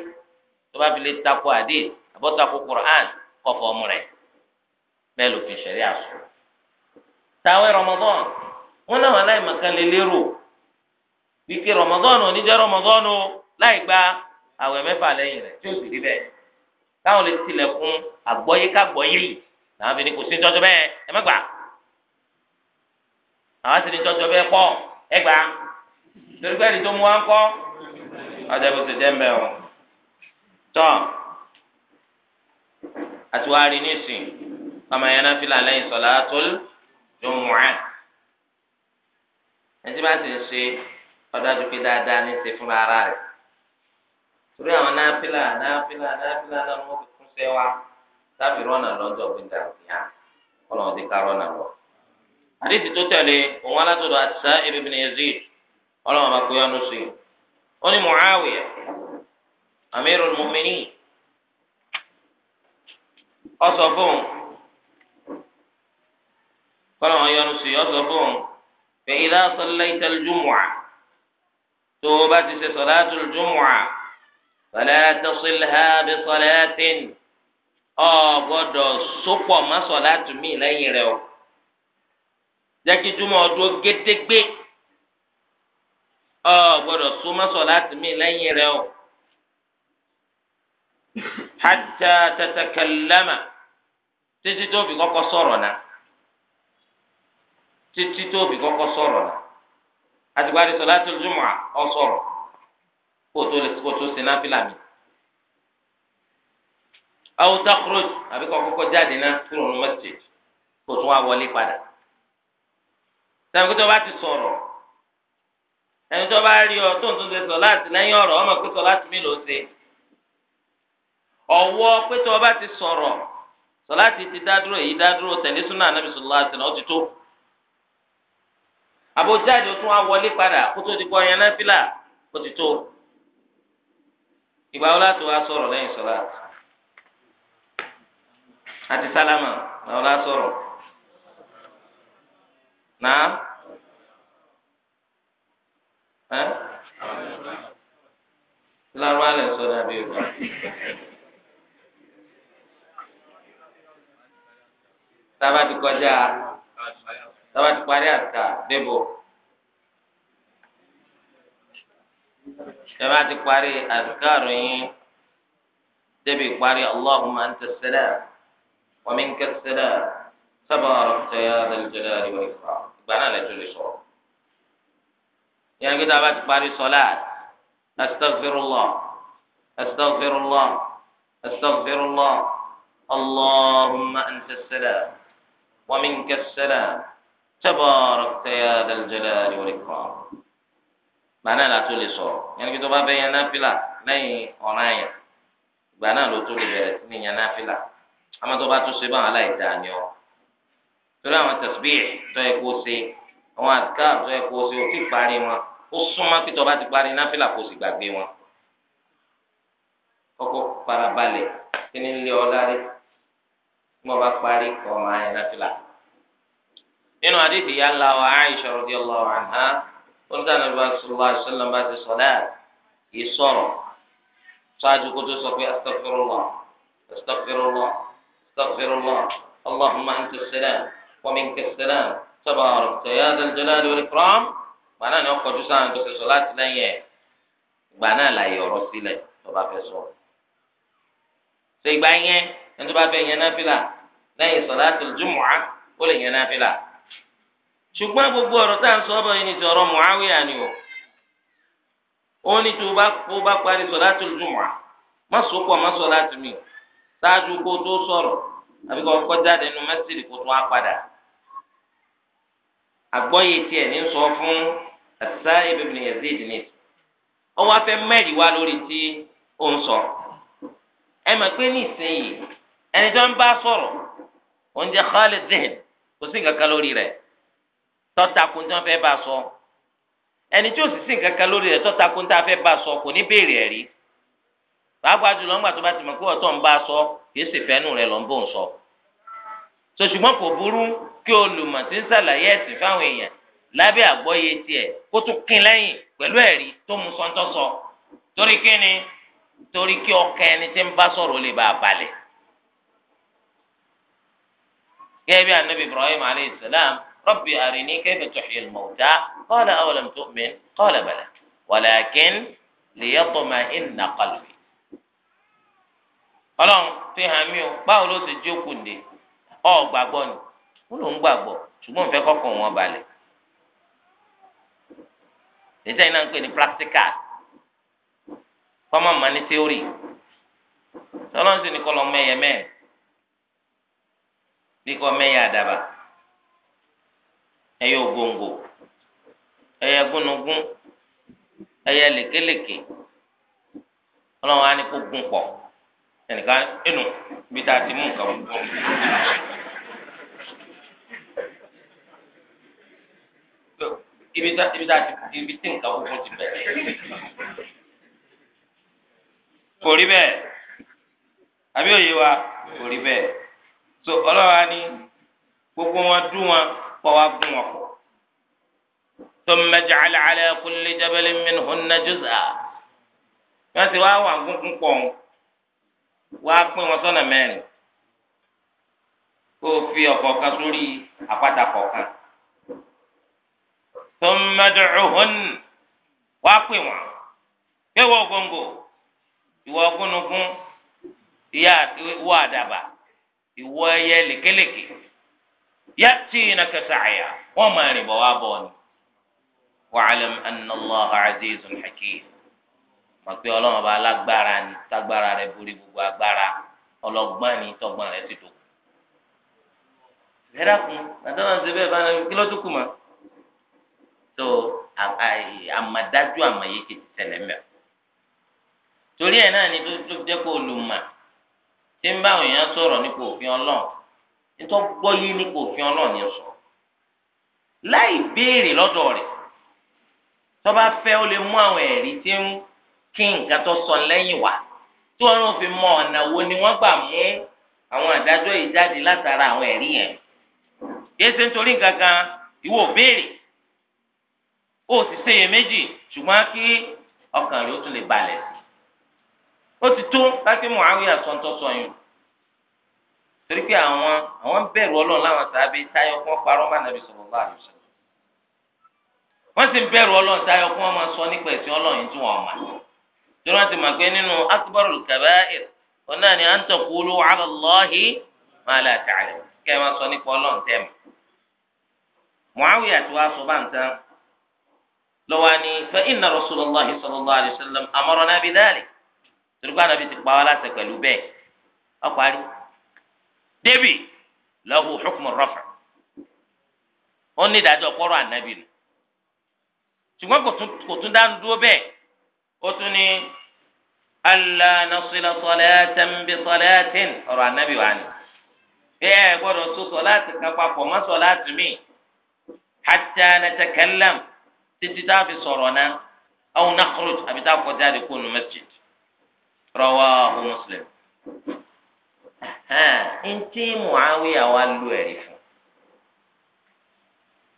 tó bá fi lè takò àdéhì àbọ̀takò Qur'an kọ̀ọ̀fọ̀ ọmọ rẹ̀ bẹ́ẹ̀ ló fi gba àwẹ̀ mẹ́fà lẹ́yìn rẹ̀ tí ó káwọn lè tilẹ̀kùn àgbọ́yé kágbọ́yé yìí làwọn fi ni kò sí tọ́jú bẹ́ẹ̀ ẹ mẹ́gbà àwọn sì ni tọ́jú bẹ́ẹ̀ kọ́ ẹ gbà torí pé ẹni tó mú wa ń kọ́ ọ̀dọ̀ ìbùsùn jẹ́ mbẹ́ o tọ́ àtiwárí nísìn ọmọ fi là lẹ́yìn tó ló mú ẹ ẹni tí bá ti ṣe ọ̀dájú pé dáadáa ní ṣe fúnra ara rẹ̀ torí àwọn náfìlà náfìlà náfìlà náà wọn fi kún sẹ́wà láti rọ́nà lọ́jọ́ gbẹ̀dà ìyá ọlọ́run ti ká rọ́nà lọ. àdìsí tó tẹ̀lé òun alátọ̀dọ̀ àtisá ibn Yazid ọlọ́run bá kóyá nù sí i. ó ní Muawiya amirul mu'minin ọsọ fún kọ́lọ́run yọ́nú sí i ọsọ fún fa idha sallayta al-jumu'ah tó o bá ti ṣe salatul jumu'ah. فلا تصلها بصلاة ọ gbọ́dọ̀ sopọ masọlá tumi lẹ́yìn rẹ̀ o jẹkijumọ ọdún gédégbé ọ gbọ́dọ̀ so masọlá tumi lẹ́yìn rẹ̀ o hatta tatakallama títí tó fi kọ́kọ́ sọ̀rọ̀ náà títí tó fi kọ́kọ́ sọ̀rọ̀ náà àtìgbà àti sọlá tó jùmọ̀ ọ sọ̀rọ̀ kótó kótó sinna fílàmì awo takuroj àbí kọ́kọ́kọ́ jáde náà kúrò ní mọ́sítẹ̀ẹ̀dì kó tún wá wọlé padà sàmìkútọ́ bá ti sọ̀rọ̀ ẹni tó bá rí ọ tó ń tún ṣe sọ láti lẹ́yìn ọ̀rọ̀ ọmọ pé sọ láti mí ló ṣe ọ̀wọ́ pé tó bá ti sọ̀rọ̀ sọ láti ti dádúró èyí dádúró tẹ̀lé súnà anábì sọ̀rọ̀ láti náà ó ti tó àbójáde ó tún wá wọlé padà kó tó kọ́ yẹn náà fílà ó ti tó ìgbà wo láti wá sọ̀rọ̀ lẹ́yìn sọlá àti sálámà làwọn lá sọ̀rọ̀ náà ẹ lárúbá lẹ sọ dàbí ìgbà. tába ti kọjá tába ti parí àtà tẹ́lá ti parí àdúgbò yín débi parí allahumma anta salam wa minka salam tabarakta ya dhal jalali wal ikram ìgbà náà lẹ́tọ́ lè sọ̀rọ̀. yẹn kí tẹ́lá ti parí sọ́lá astaghfirullah astaghfirullah astaghfirullah allahumma anta salam wa minka salam tabarakta ya dhal jalali wal ikram. gba náà la tó lè sọ̀rọ̀ yẹn kí tó bá fẹ́ yan náfìlà lẹ́yìn ọ̀ràn yẹn gba náà ló tó lè bẹ̀rẹ̀ sí ní yan náfìlà àmọ́ tó bá tó ṣe báwọn aláìdáa ni ọ torí àwọn tasbih tó yẹ kó ṣe àwọn àdìkáà tó yẹ kó ṣe ó ti parí wọn ó súnmọ́ pé bá ti parí náfìlà kó sì gbàgbé wọn kọ́kọ́ farabalẹ̀ kí ni lé ọ lárí tí wọ́n bá parí ọ̀ràn yẹn náfìlà nínú àdéhìí ńlá wa Aisha radiyallahu anha olùkọ́ ànábì sọlá sọlá bá ti sọlá yìí sọ̀rọ̀ ṣáájú kó tó sọ pé astagfirullah astagfirullah astagfirullah allahumma anta salam wa minka salam tabarakta ya dal jalali wal ikram gbaná ni wọ́n kọjú sáà tó ti sọ láti lẹ́yìn ẹ̀ gbaná làyè ọ̀rọ̀ sílẹ̀ tó bá fẹ́ sọ. ṣe yẹn ẹni tó bá fẹ́ yẹn náà fìlà lẹ́yìn sọlá tó jùmọ̀ ṣùgbọ́n gbogbo ọ̀rọ̀ tá à ń sọ ọ́bọ̀ yìí ni ti ọ̀rọ̀ Muawiya ni o ó ní tó bá kó bá parí solatul jumu'ah má so pọ̀ má solati mi ṣáájú kó tó sọ̀rọ̀ àbí kó kọ́ jáde nu mẹ́sìlì kó á padà àgbọ́yé tiẹ̀ ní sọ fún As-Sa'ib ibn Yazid ní ọwọ́ afẹ́ mẹ́rin wá lórí tí ó ń sọ ẹ mọ̀ pé ní ìsinyìí ń bá sọ̀rọ̀ kò sí nǹkan kan lórí rẹ̀ tọ́takùn tí wọ́n fẹ́ bá sọ ẹni tí ó sì sí nǹkan kan lórí rẹ̀ tọ́takùn tí wọ́n fẹ́ bá sọ kò ní béèrè ẹ̀rí pàápàá jùlọ ńgbà tó bá ti mọ̀ pé ọ̀tọ̀ ń bá sọ kì í sì fẹ́nu rẹ̀ lọ́ ń bò ń sọ. sọ ṣùgbọ́n kò burú kí olùmọ̀ tí ń ṣàlàyé ẹ̀sìn fáwọn èèyàn lábẹ́ àgbọ́yé tiẹ̀ kó tún kín lẹ́yìn pẹ̀lú ẹ̀rí tó mú sọ́ńtọ́sọ torí kí ni torí kí ọkàn gẹ́gẹ́ bí anabi Ibrahim alayhi salam ربي أرني كيف تحيي الموتى قال أولم تؤمن قال بلى ولكن ليطمئن قلبي Ọlọ́run fi hàn mí o báwo ló ti jókòó ndé ọ gbàgbọ́ ni ó lòún gbàgbọ́ ṣùgbọ́n òun fẹ́ kọkàn wọn balẹ̀ ètò iná ń pè ní practical fọmọ ní theory tọlọ́nsì ní kọlọ bí kọ mẹyẹ àdàbà. ẹyẹ ogongo ẹyẹ gúnugún ẹyẹ lèkèlèkè ọlọ́run á ní kó gún pọ̀ ẹnìkan inú bí ti mú nǹkan wọn. ibi tá ibi tá ibi ti wa so gbogbo wọn du wọn. kọ́ wa gún wọn pọ̀. thumma ja'ala ala kulli jabalin minhunna juz'a wọ́n ti wá wà gúngún pọ̀ wá pín wọn sọ́nà mẹ́rin kó o fi ọ̀kọ̀ọ̀kan sórí àpáta kọ̀ọ̀kan. thumma ud'uhun wá pín wọn kéwọ́ gbòǹgbò ìwọ gúnnugún ìyá ìwọ àdàbà ìwọ ẹyẹ lékelèké. يأتينك سعيا وما ربا وابون واعلم أن الله عزيز حكيم mọ̀pẹ́ ọlọ́run ọba alágbára ni tágbára rẹ̀ borí gbogbo agbára ọlọ́gbọ́n ni tọ́gbọ́n rẹ̀ ti tó. ìrẹ́dà kun àtàwọn àti bẹ́ẹ̀ bá kí ló tún kù mọ́. tó àmàdájú àmàyé kì í tẹ̀lé mẹ́. torí ẹ̀ náà ni tó jẹ́ kó olùmọ̀ tí ń bá àwọn èèyàn sọ̀rọ̀ nípa òfin ọlọ́run nítorí gbọ́ yé nípa òfin ọlọ́run ni sọ láì béèrè lọ́dọ̀ rẹ̀ tó bá fẹ́ ó lè mú àwọn ẹ̀rí tí ń kí nǹkan tó sọ lẹ́yìn wá tí wọ́n fi mọ ọ̀nà wo ni wọ́n gbà mú àwọn àdájọ́ yìí jáde látara àwọn ẹ̀rí yẹn yéé ṣe nítorí nǹkan kan ìwọ béèrè ó sì ṣeyè méjì ṣùgbọ́n kí ọkàn rẹ̀ ó tún lè balẹ̀ sí ó ti tó láti Muawiya sọ̀ńtọ̀ sọ̀yún torí pé àwọn àwọn bẹ̀rù ọlọ́run láwọn sábẹ́ táyọ̀ kún parọ́ má nàbí sọ̀rọ̀ bá àlùsọ wọ́n sì bẹ̀rù ọlọ́run táyọ̀ kún ọmọ sọ nípa ẹ̀sìn ọlọ́run tí wọ́n mà torí wọ́n ti mọ̀ pé nínú ni à ń taqulu ala ma la ta'lamu kẹ́ ẹ máa sọ nípa ọlọ́run mọ̀ nabi lahu hukmu rafa ó ní ìdájọ́ kọ́rọ̀ ànábì nù ṣùgbọ́n kò tún dá dúró bẹ́ẹ̀ ó tún ní alla nasila salatan bi salatin ọ̀rọ̀ ànábì wà ní tó má mí a fi náà àbí tá a kọjá ntí Muawiya wa lu ẹ̀rí fún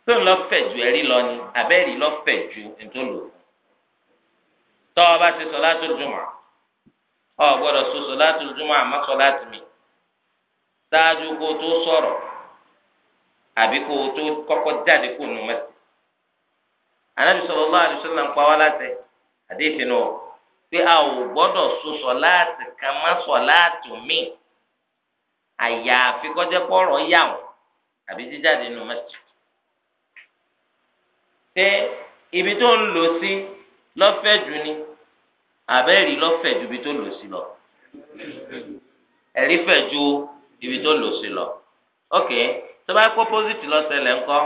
tó ń lọ fẹ̀ ju ẹ̀rí lọ ni abẹ́rì lọ fẹ̀ ju ntó lò fún tọ́ ọ bá ti solatul jumu'a ọ gbọ́dọ̀ so solatul jumu'a àmọ́ sọláàtù mi ṣáájú kó o tó sọ̀rọ̀ àbí kó o tó kọ́kọ́ jáde kó nu mẹ́sì Ànábì sallallahu alaihi wasallam ń pa wá láti àdéhìí nù pé a ò gbọ́dọ̀ so sọláàtù kan mọ́ sọláàtù míì àyàfi kọjá pọ̀rọ̀ yà wọ́n àbí jíjáde nù mẹ́tì. ṣé ibi tó ń lò sí lọ́fẹ̀ jù ni àbẹ́rì lọ́fẹ̀ ju ibi tó lò sí lọ ẹ̀rí fẹ̀ ju ibi tó lò sí lọ. ok tó bá kó pósìtì lọ́sẹ̀lẹ̀ ńkọ́.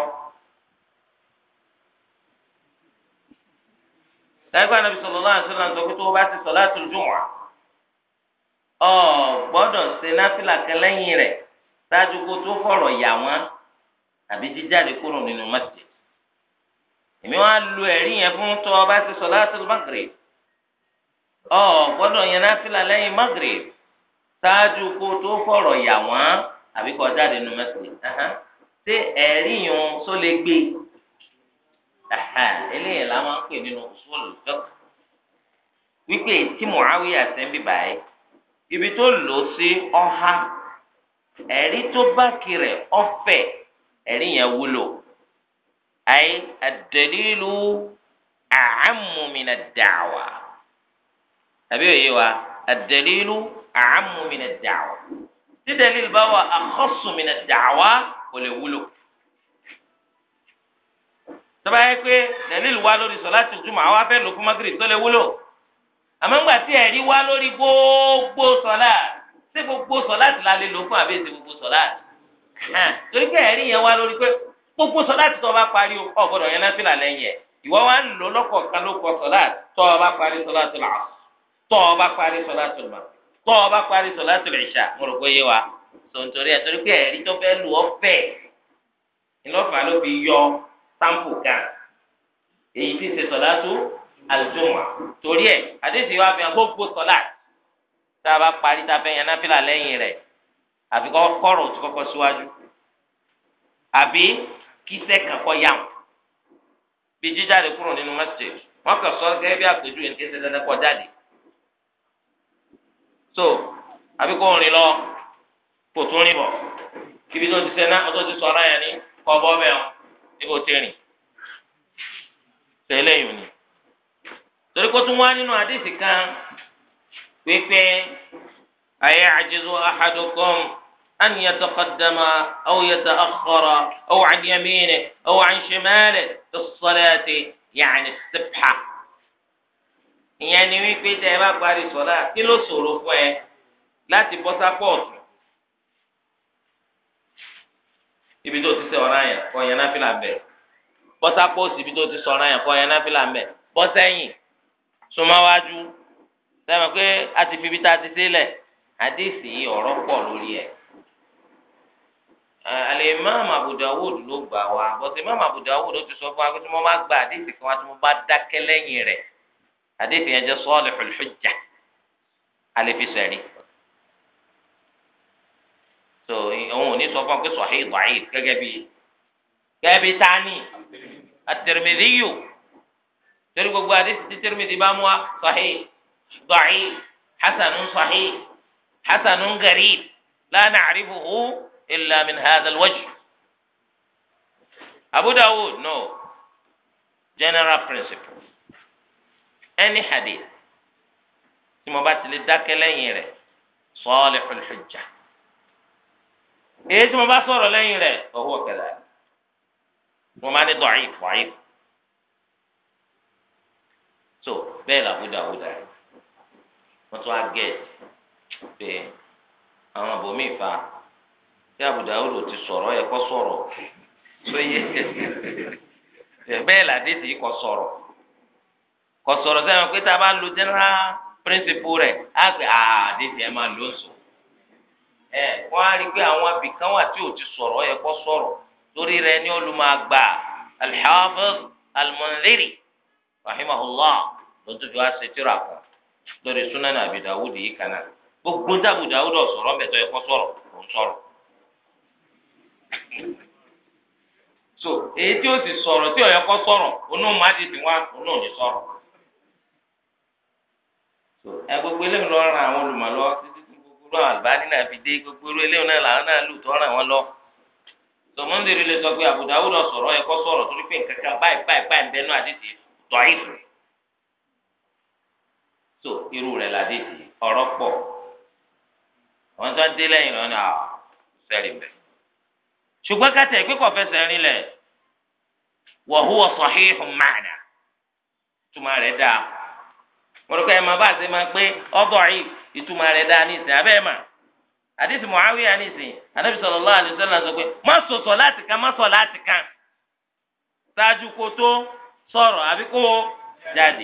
táyé kó ànábì sallallahu alaihi wasallam sọ pé tó o bá ti sọ láti ojú wọn ọ gbọ́dọ̀ ṣe náfìlà kan lẹ́yìn rẹ̀ ṣáájú kó tó fọ̀rọ̀ yà wọ́n àbí jíjáde kúrò nínú masjid èmi wá lu ẹ̀rí yẹn fún tó o bá ti solatul maghrib ọ gbọ́dọ̀ yẹn náfìlà lẹ́yìn maghrib ṣáájú kó tó fọ̀rọ̀ yà wọ́n àbí kó jáde nínú masjid ṣé ẹ̀rí yẹn só lè gbé eléyìí la máa ń pè nínú usul fiqh wípé tí Muawiya àti ẹ̀ ń ibi tó lò sí ọha ẹ̀rí tó bá kiri ọ̀fẹ́ ẹ̀rí yẹn wúlò ayé ad-dalilu a'ammu min ad-da'wa àbí òye wa ad-dalilu a'ammu min ad-da'wa tí dalil bá wà akhassu min kò lè wúlò tọ́ba yẹ pé dalil wà lórí sọ̀láàtì jùmọ̀ àwa fẹ́ lò fún magrib tó lè wúlò àmọ́ ńgbà tí ẹ̀rí wá lórí gbogbo sọ̀lá ṣé gbogbo sọ̀lá ti la lè lò fún àbẹ́sẹ̀ gbogbo sọ̀lá torí pé ẹ̀rí yẹn wá lórí pé gbogbo sọ̀lá ti tọ́ bá parí o ọ̀gbọ́dọ̀ yẹn náà fi là lẹ́yìn ẹ̀ ìwọ wa ń lò lọ́kọ̀ kan ló kọ sọ̀lá tọ́ ọ bá parí sọ̀lá tó là tọ́ ọ bá parí sọ̀lá tó mà tọ́ ọ bá parí sọ̀lá tó lè ṣà mo rò pé yé wa tòǹtòrí ẹ̀ torí pé ẹ̀rí tó tó àlùjọmọ torí ẹ àdéhùn wa fi hàn gbogbo sọlá tá a bá parí tá a fẹ́ yan náfìlà lẹ́yìn rẹ̀ àfi kọ́rọ̀ tó kọ́kọ́ síwájú àbí kíṣẹ́ kan kọ́ yà wọ́n bí jíjáde kúrò nínú mẹ́sítẹ̀ wọ́n kàn sọ gẹ́gẹ́ bí àpèjúwe ní kíṣẹ́ dandan kọ́ jáde so àbí kó rìn lọ kò tún rìn bọ̀ kíbi tó ti sẹ́ náà ọtọ́ ti sọ ara yẹn ní kọ́ bọ́ bẹ́ẹ̀ o níbo ti tẹ́lẹ̀ yìí ni torí kó tún wá nínú àdìsí kan pépé ayé àjẹsọ ahadukum an yataqaddama aw yata'akhkhara aw an yamine aw an shimale fi salati yaani sibha ìyẹn ni wípé tẹ ẹ bá parí sọlá kí ló ṣòro fún ẹ láti bọ́ sápọ̀ ọ̀tún ibi tó ti sẹ ọ̀rá yẹn kọ́ yẹn náfìlà ń bẹ̀ bọ́ sápọ̀ ibi tó ti sọ yẹn kọ́ yẹn náfìlà ń bẹ̀ bọ́ sẹ́yìn súnmọ́wájú sẹ́mi pé a ti fi ibi tá a ti sílẹ̀ àdéhìsì yìí ọ̀rọ̀ pọ̀ lórí ẹ̀. Al-Imam Abu Dawud ló gbà wá bọ́sẹ̀ Imam Abu Dawud ló ti sọ fún wa pé tí mo bá gba àdéhìsì kan wá tí mo bá dákẹ́ lẹ́yìn rẹ̀ àdéhìsì yẹn jẹ́ salihul hujja àlefisẹ̀rí. tó òun ò ní sọ fún wa pé sahih da'if gẹ́gẹ́ bíi gẹ́gẹ́ bíi tani at torí gbogbo àdéhùn tí Tirmidhi bá mú wa sahih da'if hasanun sahih hasanun gharib la na'rifuhu illa min hadha al-wajh. Abu Dawud no general principle any hadith tí mo bá ti lè dákẹ́ lẹ́yìn rẹ̀ salihul hujja èyí tí mo bá sọ̀rọ̀ lẹ́yìn rẹ̀ ọ̀hún ọ̀kẹ́dà mo máa ní da'if da'if. so bẹ́ẹ̀ làbúdà àbúdà yìí wọ́n tún á pé àwọn àbòmí tí ti sọ̀rọ̀ ẹ̀ kọ́ sọ̀rọ̀ lóye bẹ́ẹ̀ làdé sọ̀rọ̀ sọ̀rọ̀ pé tá a bá lo general principle rẹ̀ á àdé máa sùn wọ́n á rí i pé àwọn abìkan wà tí ò ti lótú fi wá ṣe tíra kan lórí súnánà àbí dàwúdì yìí kan náà gbogbo dàbù dàwúdì ọ̀sọ̀rọ̀ mẹ́tọ́ ẹ̀kọ́ sọ̀rọ̀ kò ń sọ̀rọ̀. so èyí tí ó sì tí onú má ti wá onú ò ní sọ̀rọ̀. ẹ gbogbo eléyìí lọ àwọn tí gbogbo náà fi dé gbogbo eléyìí náà làwọn náà lù lọ lè sọ pé sọ̀rọ̀ torí pé tó irú rẹ̀ ládé yìí ọ̀rọ̀ pọ̀ wọ́n sọ dé lẹ́yìn lọ́nà sẹ́rì bẹ̀. ṣùgbọ́n kátà ìpínkọ̀ fẹsẹ̀ rin lẹ̀ wa huwa sahihun ma'na ìtumọ̀ rẹ̀ dáa wọ́n rúkọ ẹ̀ máa bá àṣẹ máa pé yìí ní ìsìn mà ní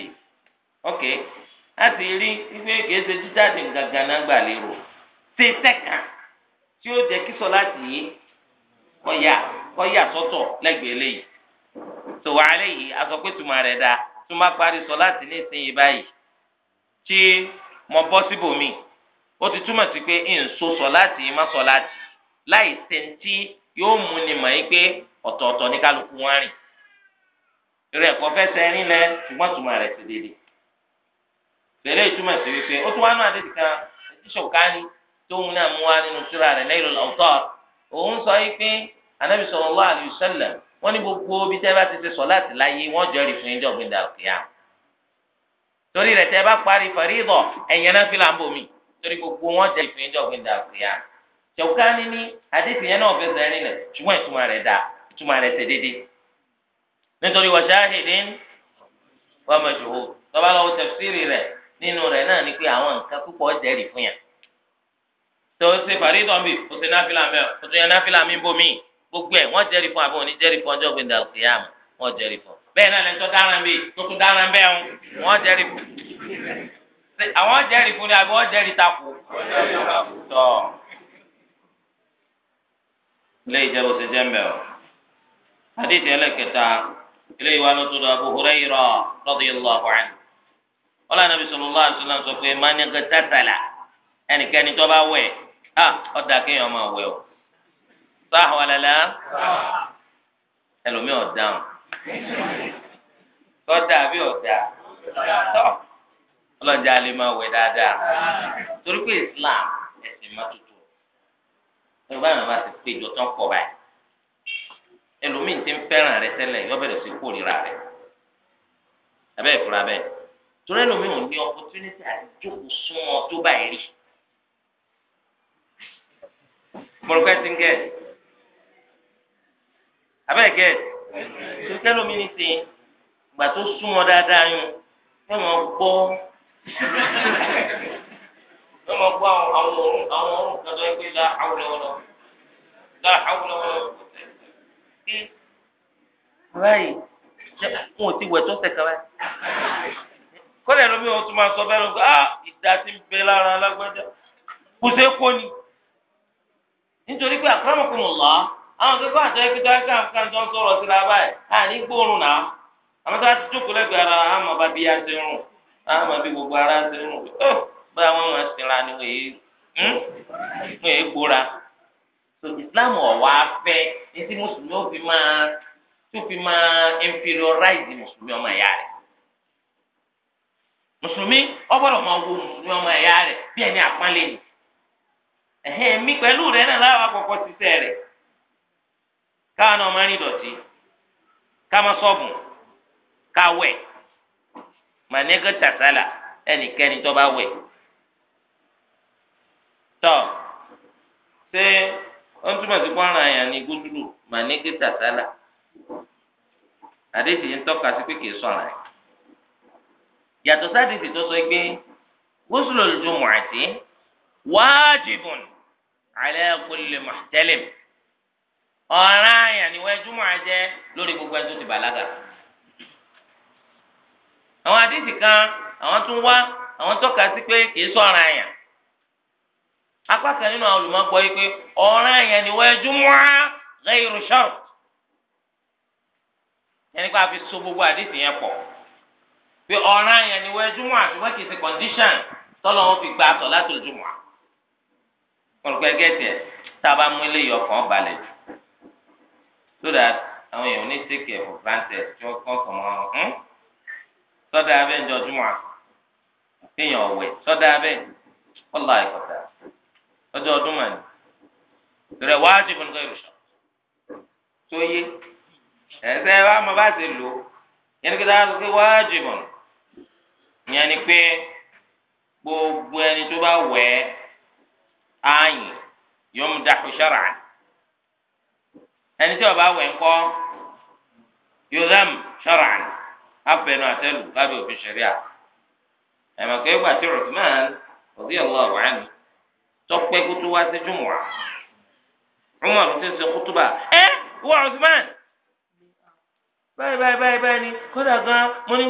ìsìn láti rí wípé kìí ṣe jíjáde gangan náà gbà lérò ṣe sẹ́ka tí ó jẹ́ kí sọ láti yé kọ́yà kọ́yà sọ́tọ̀ lẹ́gbẹ̀ẹ́ lẹ́yìn tòwá lẹ́yìn aṣọ pé tùmọ̀ rẹ̀ parí sọ láti ní ìsinyìí báyìí tí mo bọ́ síbòmí ó ti túmọ̀ sí pé ìǹso sọ láti má sọ láti láì sẹ́ńtì yóò mú ni mọ̀ yín pé ọ̀tọ̀ọ̀tọ̀ ní kálukú wọn rìn ìrẹ̀kọ́ fẹsẹ̀ rìn lẹ ṣùgbọ́n tùmọ̀ rẹ̀ ti dédé tẹ̀lé ìtumọ̀ sí wípé ó tún wá nù àdéhùn kan tí Ṣawkani tóun náà mú wá nínú tírà rẹ̀ Nailul Awtar òun sọ wípé anabi sallallahu alaihi wasallam wọ́n ní gbogbo bí tẹ́ bá ti ṣe sọ láti láyé wọ́n jẹ́rìí fún ẹjọ́ gbẹ̀dà òkèèyà torí rẹ̀ tẹ́ bá parí fàrídọ̀ ẹ̀yẹn náà fi làǹbò mi torí gbogbo wọ́n jẹ́rìí fún ẹjọ́ gbẹ̀dà òkèèyà Ṣawkani ní nínú rẹ̀ náà ni pé àwọn nǹkan púpọ̀ jẹ́rìí fún yàn tó o ṣe fàrí tó ń bì o ṣe náfìlà mi o tún yàn náfìlà mi bò mí gbogbo ẹ̀ wọ́n jẹ́rìí fún àbí wọn ní jẹ́rìí fún ọjọ́ gbẹ̀dà òkèèyàn wọ́n jẹ́rìí fún bẹ́ẹ̀ náà lẹ́ńtọ́ dára bíi tó tún dára bẹ́ẹ̀ ń wọ́n jẹ́rìí fún àwọn jẹ́rìí fún ni àbí wọ́n jẹ́rìí takò tọ́ ilé ìjẹ́ bó ṣe jẹ́ mbẹ́ o hadith ẹlẹ́kẹta ilé ìwà ló tó do Abu Hurairah radiyallahu anhu ọlọ́run nàbí sallallahu alaihi wasallam sọ pé mánìkà tàtàlà ẹnikẹ́ni tó bá wẹ̀ á ọ̀dà kéèyàn máa wẹ̀ o sáà wàlálà ẹlòmíì ọ̀dáhùn tọ́jà àbí ọ̀dà ọlọ́jà lè máa wẹ̀ dáadáa torí pé Islam ẹ̀sìn máa tutù ẹ̀ báyìí wọn bá ti pé ìjọ tán pọ̀ báyìí ẹlòmíì ti ń fẹ́ràn rẹ tẹ́lẹ̀ yọ sí kórìíra rẹ abẹ́ ìfura bẹ́ẹ̀ torí ẹlòmíì ò ní opportunity àti jókòó sún ọ tó báyìí rí mọlùkẹ́ ti ń gẹ̀ abẹ́ gẹ̀ torí ẹlòmíì ní sè gbà tó sún ọ dáadáa yún ẹ mọ̀ gbọ́ ẹ mọ̀ gbọ́ àwọn ọ̀rùn àwọn ọ̀rùn kan tó yẹ pé la hawla wala la hawla wala kí báyìí wọn ò ti wẹ̀ tó sẹ̀ kaba. kọ́lẹ̀ ló bí wọn tún máa sọ ah ìdá ti ń bẹ lára alágbájá kò ṣeé ni. nítorí pé àkàràmọ̀kùnrin lọ́ àwọn akẹ́kọ̀ọ́ àti ẹ̀kẹ́tọ́ ẹ̀kẹ́kàn tó ń sọ̀rọ̀ sí lábá ẹ̀ gbóòórùn náà àwọn tó bá ti jókòó ara àmọ́ bá bí aṣẹ rùn àmọ́ bí gbogbo ara ṣe rùn ó bá wọn máa sinra ni gbóra. Hmm? so Islam ní tí mùsùlùmí ó fi máa tó fi máa mùsùlùmí ọgbọ́dọ̀ máa wo mùsùlùmí ọmọ ẹ̀yà rẹ̀ bí ẹni àpọ́nlé ni ẹ̀hẹ́n mi pẹ̀lú rẹ náà láwọn akọ̀kọ̀ ti sẹ́ rẹ káwọn náà máa rìn dọ̀tí ká máa sọ́ọ̀bù ká wẹ̀ mànẹ́gẹ́ tàṣálà tọba tó bá ṣé ó túmọ̀ sí kwara àyàn ní gúdúrú yàtọ̀ sádìsì tó sọ pé ghuslul jumu'ati wájibun ala kulli muhtalim ọ̀ràn àyànníwẹ̀ jumu'a jẹ́ lórí gbogbo ẹni tó ti bàlágà. àwọn àdìsì kan àwọn tún wá àwọn tọ́ka sí pé kì í sọ̀ràn àyàn apá kan nínú àwọn olùmọ̀gbọ́ yìí pé ọ̀ràn àyànníwẹ̀ jumu'a ghayru shart ẹni pé a fi so gbogbo àdìsì yẹn pọ̀ pé ọ̀ràn yẹn ni wọ́n júmọ̀ àtúmọ̀ kì í ṣe condition tọ́lọ́ wọn fi gba aṣọ láti jùmọ̀ olùkọ́ ẹgẹ́ tiẹ̀ tá a bá mú eléyìí ọkàn balẹ̀ jù so that àwọn èèyàn ní take care for granted tí wọ́n kọ́ kàn wọ́n hmm? sọ́dà abẹ́ ń jọ jùmọ̀ àfihàn ọ̀wẹ̀ sọ́dà abẹ́ ọ̀là ìkọ̀tà lọ́jọ́ ọdún mọ̀ ni rẹ̀ wájú fún nǹkan ìrùsọ̀ tó yé ẹ̀sẹ̀ wa mo bá ti lò yẹn ní kí n ta sọ wájú mọ̀ ìyẹn ni pé gbogbo ẹni tó bá wẹ̀ ẹ́ ààyè yóò mú dàkú ṣọ́ra ẹni tí ó bá wẹ̀ ńkọ́ yóò dàm ṣọ́ra abẹnú àtẹlù lábẹ́ òfin ṣẹ̀ríà ẹ̀mọ̀ kẹ́ gbà tí Uthman radiyallahu anhu tọ́pẹ́ kótó wá sí jùmọ̀ à Umar ló ti ń ṣe kútúbà wọ́n Uthman báyìí báyìí báyìí báyìí ni kódà gan mo ní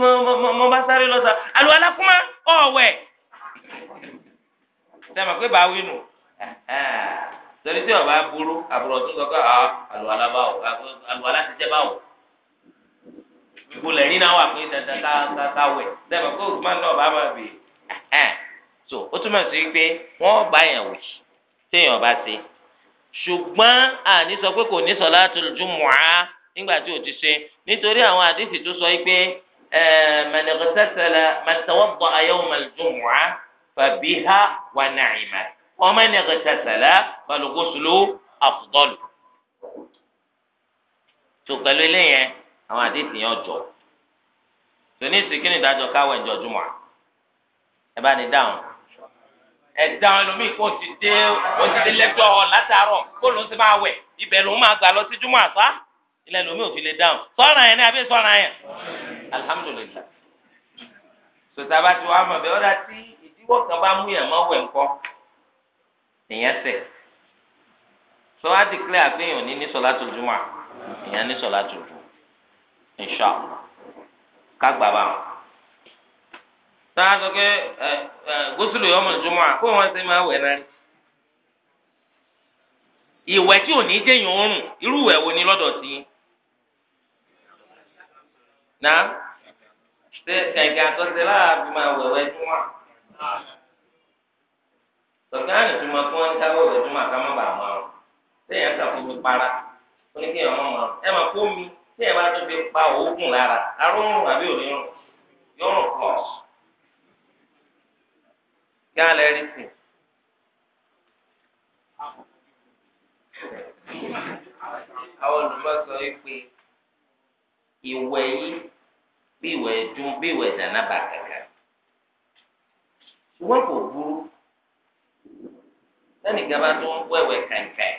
mo bá sáré lọ sa àlùwalá kúmá ọ̀wẹ̀ sẹ́mi pé bàá wínú torí tí ọba burú àbúrò tó sọ pé ah, àlùwalá báwò àlùwalá ti jẹ́ báwò ìbolẹ̀ nínú àwọn àpéjì dandan ká ká wẹ̀ sẹ́mi pé Usman náà bá máa bè é so ó túmọ̀ sí pé wọ́n bá yẹn wò téèyàn bá ṣe ṣùgbọ́n àní sọ pé kò ní sọ̀látùl jumu'a nígbà tí o ti ṣe nítorí àwọn àdìsí tó sọ pé mẹnẹkẹsẹsẹlẹ mẹtẹwọgbọ ayẹwo mẹlẹdùnmùá fàbíhá wà nàìmà wọn mẹnẹkẹsẹsẹlẹ balùwòsùlù àfùdọlù. tó pẹ̀lú eléyẹn àwọn àdìsí yẹn jọ tòní ìsìnkínì ìdájọ káwọ ìjọ jùmọ̀ ẹ bá ní dáhùn ẹ dáhùn ẹlòmíì kò ti dé kò ti dé kó ló ń ti máa wẹ̀ ibẹ̀ ló ń máa gbà lọ sí jùmọ̀ àgbá ilẹ̀ lomi ò fi lè dáhùn sọ́ra yẹn ní abẹ́ sọ́ra yẹn alihamudulilayi sọta bá ti wà mọ̀ bẹ́ẹ̀ ọ̀dà tí ìdíwọ́ kan bá mú yẹn mọ́ wẹ̀ ńkọ́ èèyàn tẹ̀ sọ wá ti kílẹ̀ àgbéyàn ní ní sọlá tó jùmọ̀ èèyàn ní sọlá tó jù ìṣọ kágbà bá wọn. sọ́wọ́n sọ pé ẹ ẹ gúúsùlù yọmọ jùmọ̀ kó wọn ṣe máa wẹ̀ náà ìwẹ̀ tí ò ní jẹ́yìn oorun irú ìwẹ̀ wo ni lọ́dọ̀ sí yín na ṣe kàìkà àtọ́sẹ̀ láàbí máa wẹ̀wẹ̀ túmọ̀ tọ̀gánì túmọ̀ kí wọ́n ń dáwọ́ wẹ̀wẹ̀ túmọ̀ àká má bàa máa rùn sẹ́yìn àti àkókò para ó ní kí èèyàn mọ̀ mọ́ ẹ máa kó mi sẹ́yìn bá tún fi pa òógùn lára arúgbó àbí òní rùn yóò rùn pọ̀ kí á lè rí sí i. àwọn olùmọ̀sọ̀ yìí pé ìwẹ̀ yìí bí ìwẹ̀ dùn bí ìwẹ̀ jànábà kankan ṣùgbọ́n kò burú sẹ́nìkan bá tó ń wẹ̀wẹ̀ kankan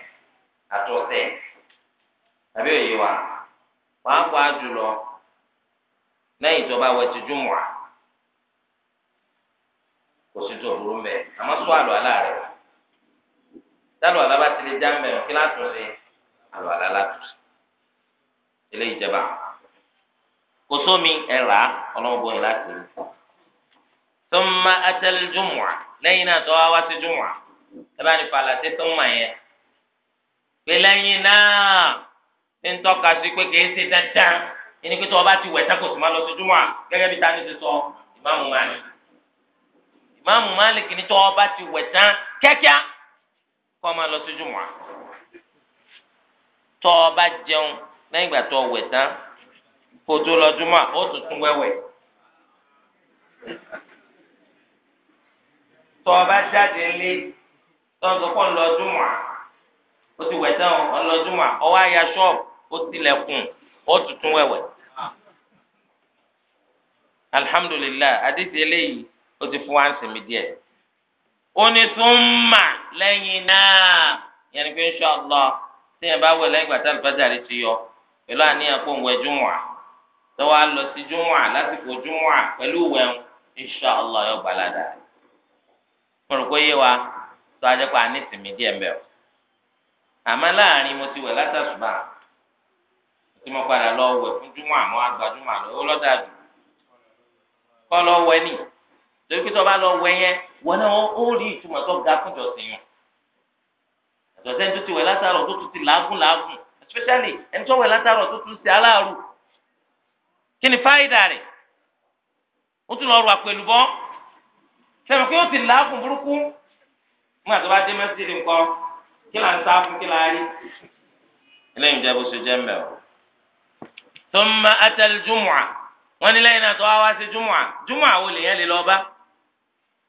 àtọ̀tẹ̀ tàbí òye wa wàá kọ́ àjùlọ lẹ́yìn tó bá wẹ̀ ti jùmọ̀ à kò sí tó burú mbẹ àmọ́ sọ àlọ́ àlá rẹ̀ wá dálọ́ lè já mbẹ kí látùn sí àlọ́ àlá sí eléyìí jẹba kò sómi ẹ̀rà ọlọ́mọbọ yìí láti rí tọ́mọ atẹ́lẹ́ jùmùà lẹ́yìn náà tọ́wọ́ wá sí jùmùà ẹ bá ní fàlàtí tọ́mọ yẹn pé lẹ́yìn náà ní ń tọ́ka sí pé kìí ṣe dandan ẹni pé tọ́wọ́ bá ti wẹ̀ tako tó máa lọ sí jùmùà gẹ́gẹ́ bí tani ti sọ ìmáàmù Málíkì ìmáàmù Málíkì ní tọ́wọ́ bá ti wẹ̀ tán kíákíá kọ́ máa lọ sí jùmùà tọ́wọ́ bá jẹun lẹ́yìn ìgbà tọ́wọ́ wẹ̀ tán kó tó lọ júmọ́ ó tuntun wẹ́wẹ́. tọ́ ọba jáde lé tọ́jú kọ́ lọ júmọ́ ó ti wẹ̀ tán ọ lọ júmọ́ ọwọ́ àyà ṣọ́ọ̀bù ó tilẹ̀kùn ó tuntun wẹ́wẹ́. alhamdulilayi adídì eléyìí ó ti fún wa ń sinmi díẹ̀. ó náà yẹn ni pé insha Allah tí yẹn bá wẹ̀ lẹ́yìn gbàtà lùfẹ́ dàrí ti yọ pẹ̀lú àníyàn kó ń wẹ̀ júmọ́ à tọ́wọ́ á lọ sí júmọ́ à lásìkò júmọ́ à pẹ̀lú wẹ̀hún insha allah yóò gbalada mo rò pé yé wa tó a jẹ́ pé a ní ìsinmi díẹ̀ mbẹ́ o àmọ́ láàrin mo ti wẹ̀ látàṣùbà tí mo padà lọ wẹ̀ fún júmọ́ àmọ́ agbájúmọ́ àlọ́ ó lọ́dà jù kọ́ lọ wẹ̀ ni torí pé tó bá lọ wẹ̀ yẹn wọn náà ó rí ìtumọ̀ tó ga fún ìjọsìn yẹn ìjọsìn tó ti wẹ̀ látàrọ̀ tó tún ti làágùn làágùn especially ẹni tó wẹ̀ látàrọ̀ tó tún ti aláàrù kí ni fáyidà rẹ̀ ó tún lọ rọ àpèlú bọ́ sẹ́mi pé ó ti làákùn burúkú nígbà tó bá dé mẹ́sídìí nǹkan kí là ń sá fún kí là á rí eléyìí jẹ́ bó ṣe jẹ́ mbẹ́ o. thumma atal jumu'a wọ́n ní lẹ́yìn náà tó wá wá sí jumu'a jumu'a wo lèèyàn lè lọ bá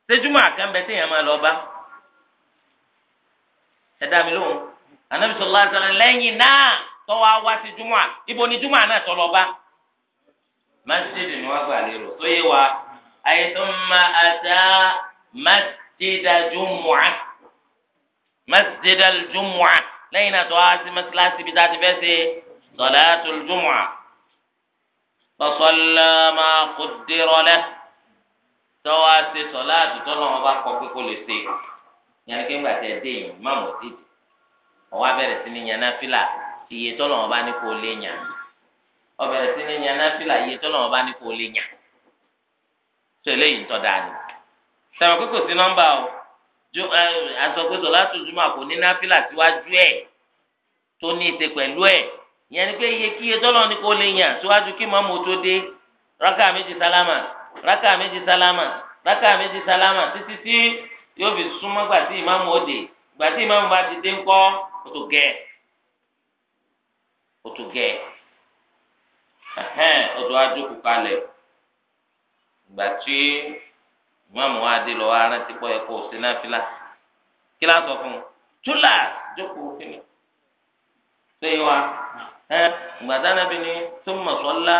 ṣé jumu'a kan bẹ téèyàn máa lọ bá ẹ dá mi lóhùn anabi sallallahu lẹ́yìn náà tó wá wá sí jumu'a ibo ni jumu'a náà tó lọ bá masjidi ni wọn gbà lérò tó yé wa ayé tó ma ata masjida jumua masjida jumua lẹ́yìn náà tó wá sí masilasi bí dáa ti fẹ́ ṣe sọláàtù jumua tọ́sọ́lámà kò dérọ́ lẹ́ tó wá sí sọláàtù tó lọ́wọ́ bá kọ́ pé kò lè ṣe yẹn kí tẹ̀ dé yìí má mọ̀ sí ọwọ́ abẹ́rẹ́ sí ni yẹn fìlà iye tó lọ́wọ́ bá ní kò lè yàn ọbẹ̀rẹ̀ sí ni yan náfìlà yìí tó lọ́wọ́ bá ní kó lè yàn tó eléyìí ń tọ́ da ni. sọ̀rọ̀ pé kò sí nọ́mbà o àsọ̀gbẹ́sọ̀ láti ojúmọ́ àpò ní náfìlà síwájú ẹ̀ tó ní ìṣe pẹ̀lú ẹ̀ ìyẹn ni pé iye kíye tó lọ́wọ́ ní kó lè yàn síwájú kí mọ́mú tó dé rákà méjì sálámà rákà méjì sálámà rákà méjì sálámà títí tí yóò fi súnmọ́ gbà ìmáàmù ó dé ìmáàmù bá ti dé ńkọ́ ó tó gẹ̀ ó ẹhẹn o tó wá jókòó kalẹ̀ ìgbà tí ìmáàmù wa dé lọ arántí pọ̀ yẹ kó o sí náà fílà kí láti sọ fún un túlà jókòó kíni ṣé wa ẹ ìgbàdá náà bí ni tó mọ̀ sọ́lá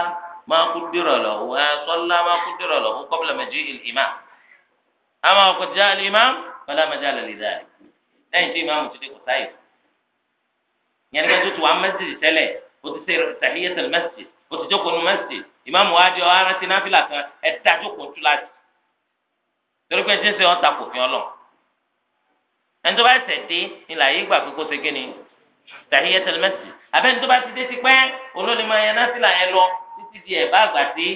máa kú dìrọ̀ lọ ẹ sọ́lá máa kú dìrọ̀ lọ fún kọ́bílà mẹ́jì ìmá àmọ́ ọkọ̀ já lè má wọlé lẹ́yìn tí ìmáàmù ti dé kò yẹn ní kẹ́tù tó wà mẹ́sìlì tẹ́lẹ̀ o ti ṣe tàhíyẹ́tẹ̀lì mẹ́sìlì o ti jókòó nu mẹsìtì ìmáàmù wa di ọ arántí náfìlà kan ẹ da jókòó tú láti torí pé ṣé ń ṣe wọn ta kò fi ọ lọ ẹni tó bá ṣẹ̀ dé ni làyè gbà pé kó ṣe kí ni tahiyatul masjid abẹ́ni tó bá ti dé ti pẹ́ olóòlì máa yan náfìlà yẹn lọ títí di ẹ̀ bá àgbà sí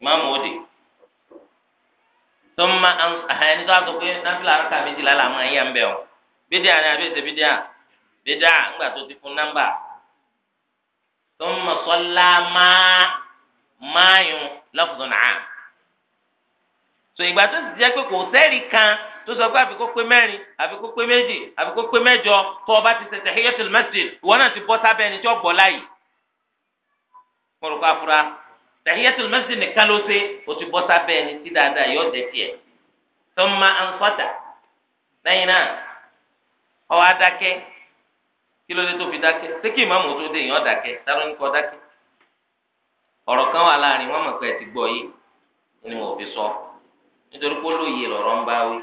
ìmáàmù òde tó ń ma ẹni tó bá sọ pé náfìlà rákà méjìlá làwọn ẹ̀yà ń bẹ̀ ọ́ bídíà ni àbí ètè bídíà thumma salla máa máa yun lafdun aam so ìgbà tó ti jẹ́ pé kò sẹ́ẹ̀rì kan tó sọ pé àfikún pé mẹ́rin àfikún pé méjì àfikún pé mẹ́jọ tó o bá ti ṣe tahiyatul masjid ìwọ náà ti bọ́ sábẹ́ ẹni tí ó gbọ́ láyìí mo rò pé afura tahiyatul masjid nìkan ló ṣe o ti bọ́ sábẹ́ ẹni tí dáadáa yóò jẹ́ tiẹ̀ thumma ansata lẹ́yìn náà ó wá kí ló dé tó fi dákẹ́ ṣé kí ìmáàmù tó dé èèyàn dákẹ́ sáré ń kọ́ dákẹ́ ọ̀rọ̀ kan wà láàrin wọn mọ̀ pé ẹ ti gbọ́ yìí ni wọn ò fi sọ nítorí pé olóye lọ̀rọ̀ ń bá wí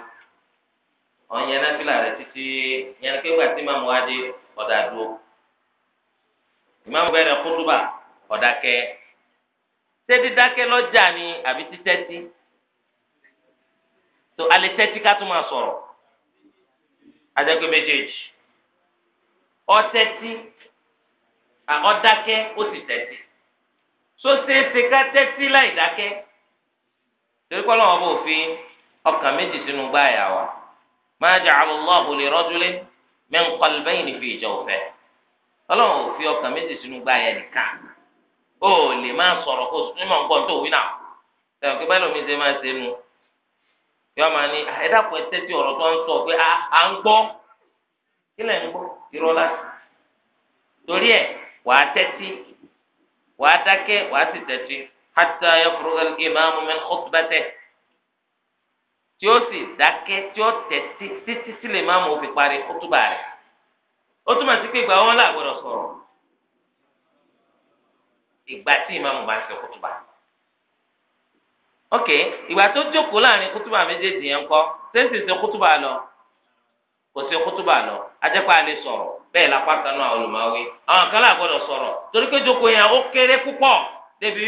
ọ̀n yẹn náfìlà rẹ̀ títí yẹn ní kéwà tí ìmáàmù wá dé ọ̀dà dúró ìmáàmù bẹ̀rẹ̀ kútúbà ọ̀dà kẹ́ ṣé dídákẹ́ lọ́jà ni àbí títẹ́tí tó alẹ́ tẹ́tí ká tún máa sọ̀rọ̀ adẹ́gbẹ́ méjèèjì. ọtẹ́tí ọdákẹ́ ó sì tẹ́tí sóṣèṣe ká tẹtí láì dákẹ́ torí kọ́ lọ́wọ́ bó fi ọkàn méjì sínú gbáyà wa ma fi jawfihi ọlọ́run ò fi ọkàn méjì sínú gbáyà nìkan ó lè máa sọ̀rọ̀ kó sùn nǹkan tó wí náà lómi ṣe máa ṣe máa ní ẹ̀dá kan tẹ́tí ọ̀rọ̀ tó ń sọ pé à ń kílẹ̀ ń gbọ́ ìrọ̀lá torí ẹ̀ wàá tẹ́tí wàá dákẹ́ wàá sì tẹ́tí hatta yafruga al-imamu min khutbatihi tí ó sì dákẹ́ tí ó tẹ́tí títí sí lè máa mú òfin parí kútùbà rẹ̀ ó túmọ̀ sí pé ìgbà wọn là sọ̀rọ̀ ìgbà tí ìmáàmù bá ń ṣe kútùbà ok ìgbà tó jókòó láàrin kútùbà méjèèjì yẹn kọ́ sẹ́sì ṣe kútùbà lọ kò sí kútúbà lọ ajẹ́pẹ́ alẹ́ sọ̀rọ̀ bẹ́ẹ̀ la pàtàkì àwọn olùmọ̀wé àwọn kan láà gbọ́dọ̀ sọ̀rọ̀ torí pé jókòó yẹn ó kéré púpọ̀ débi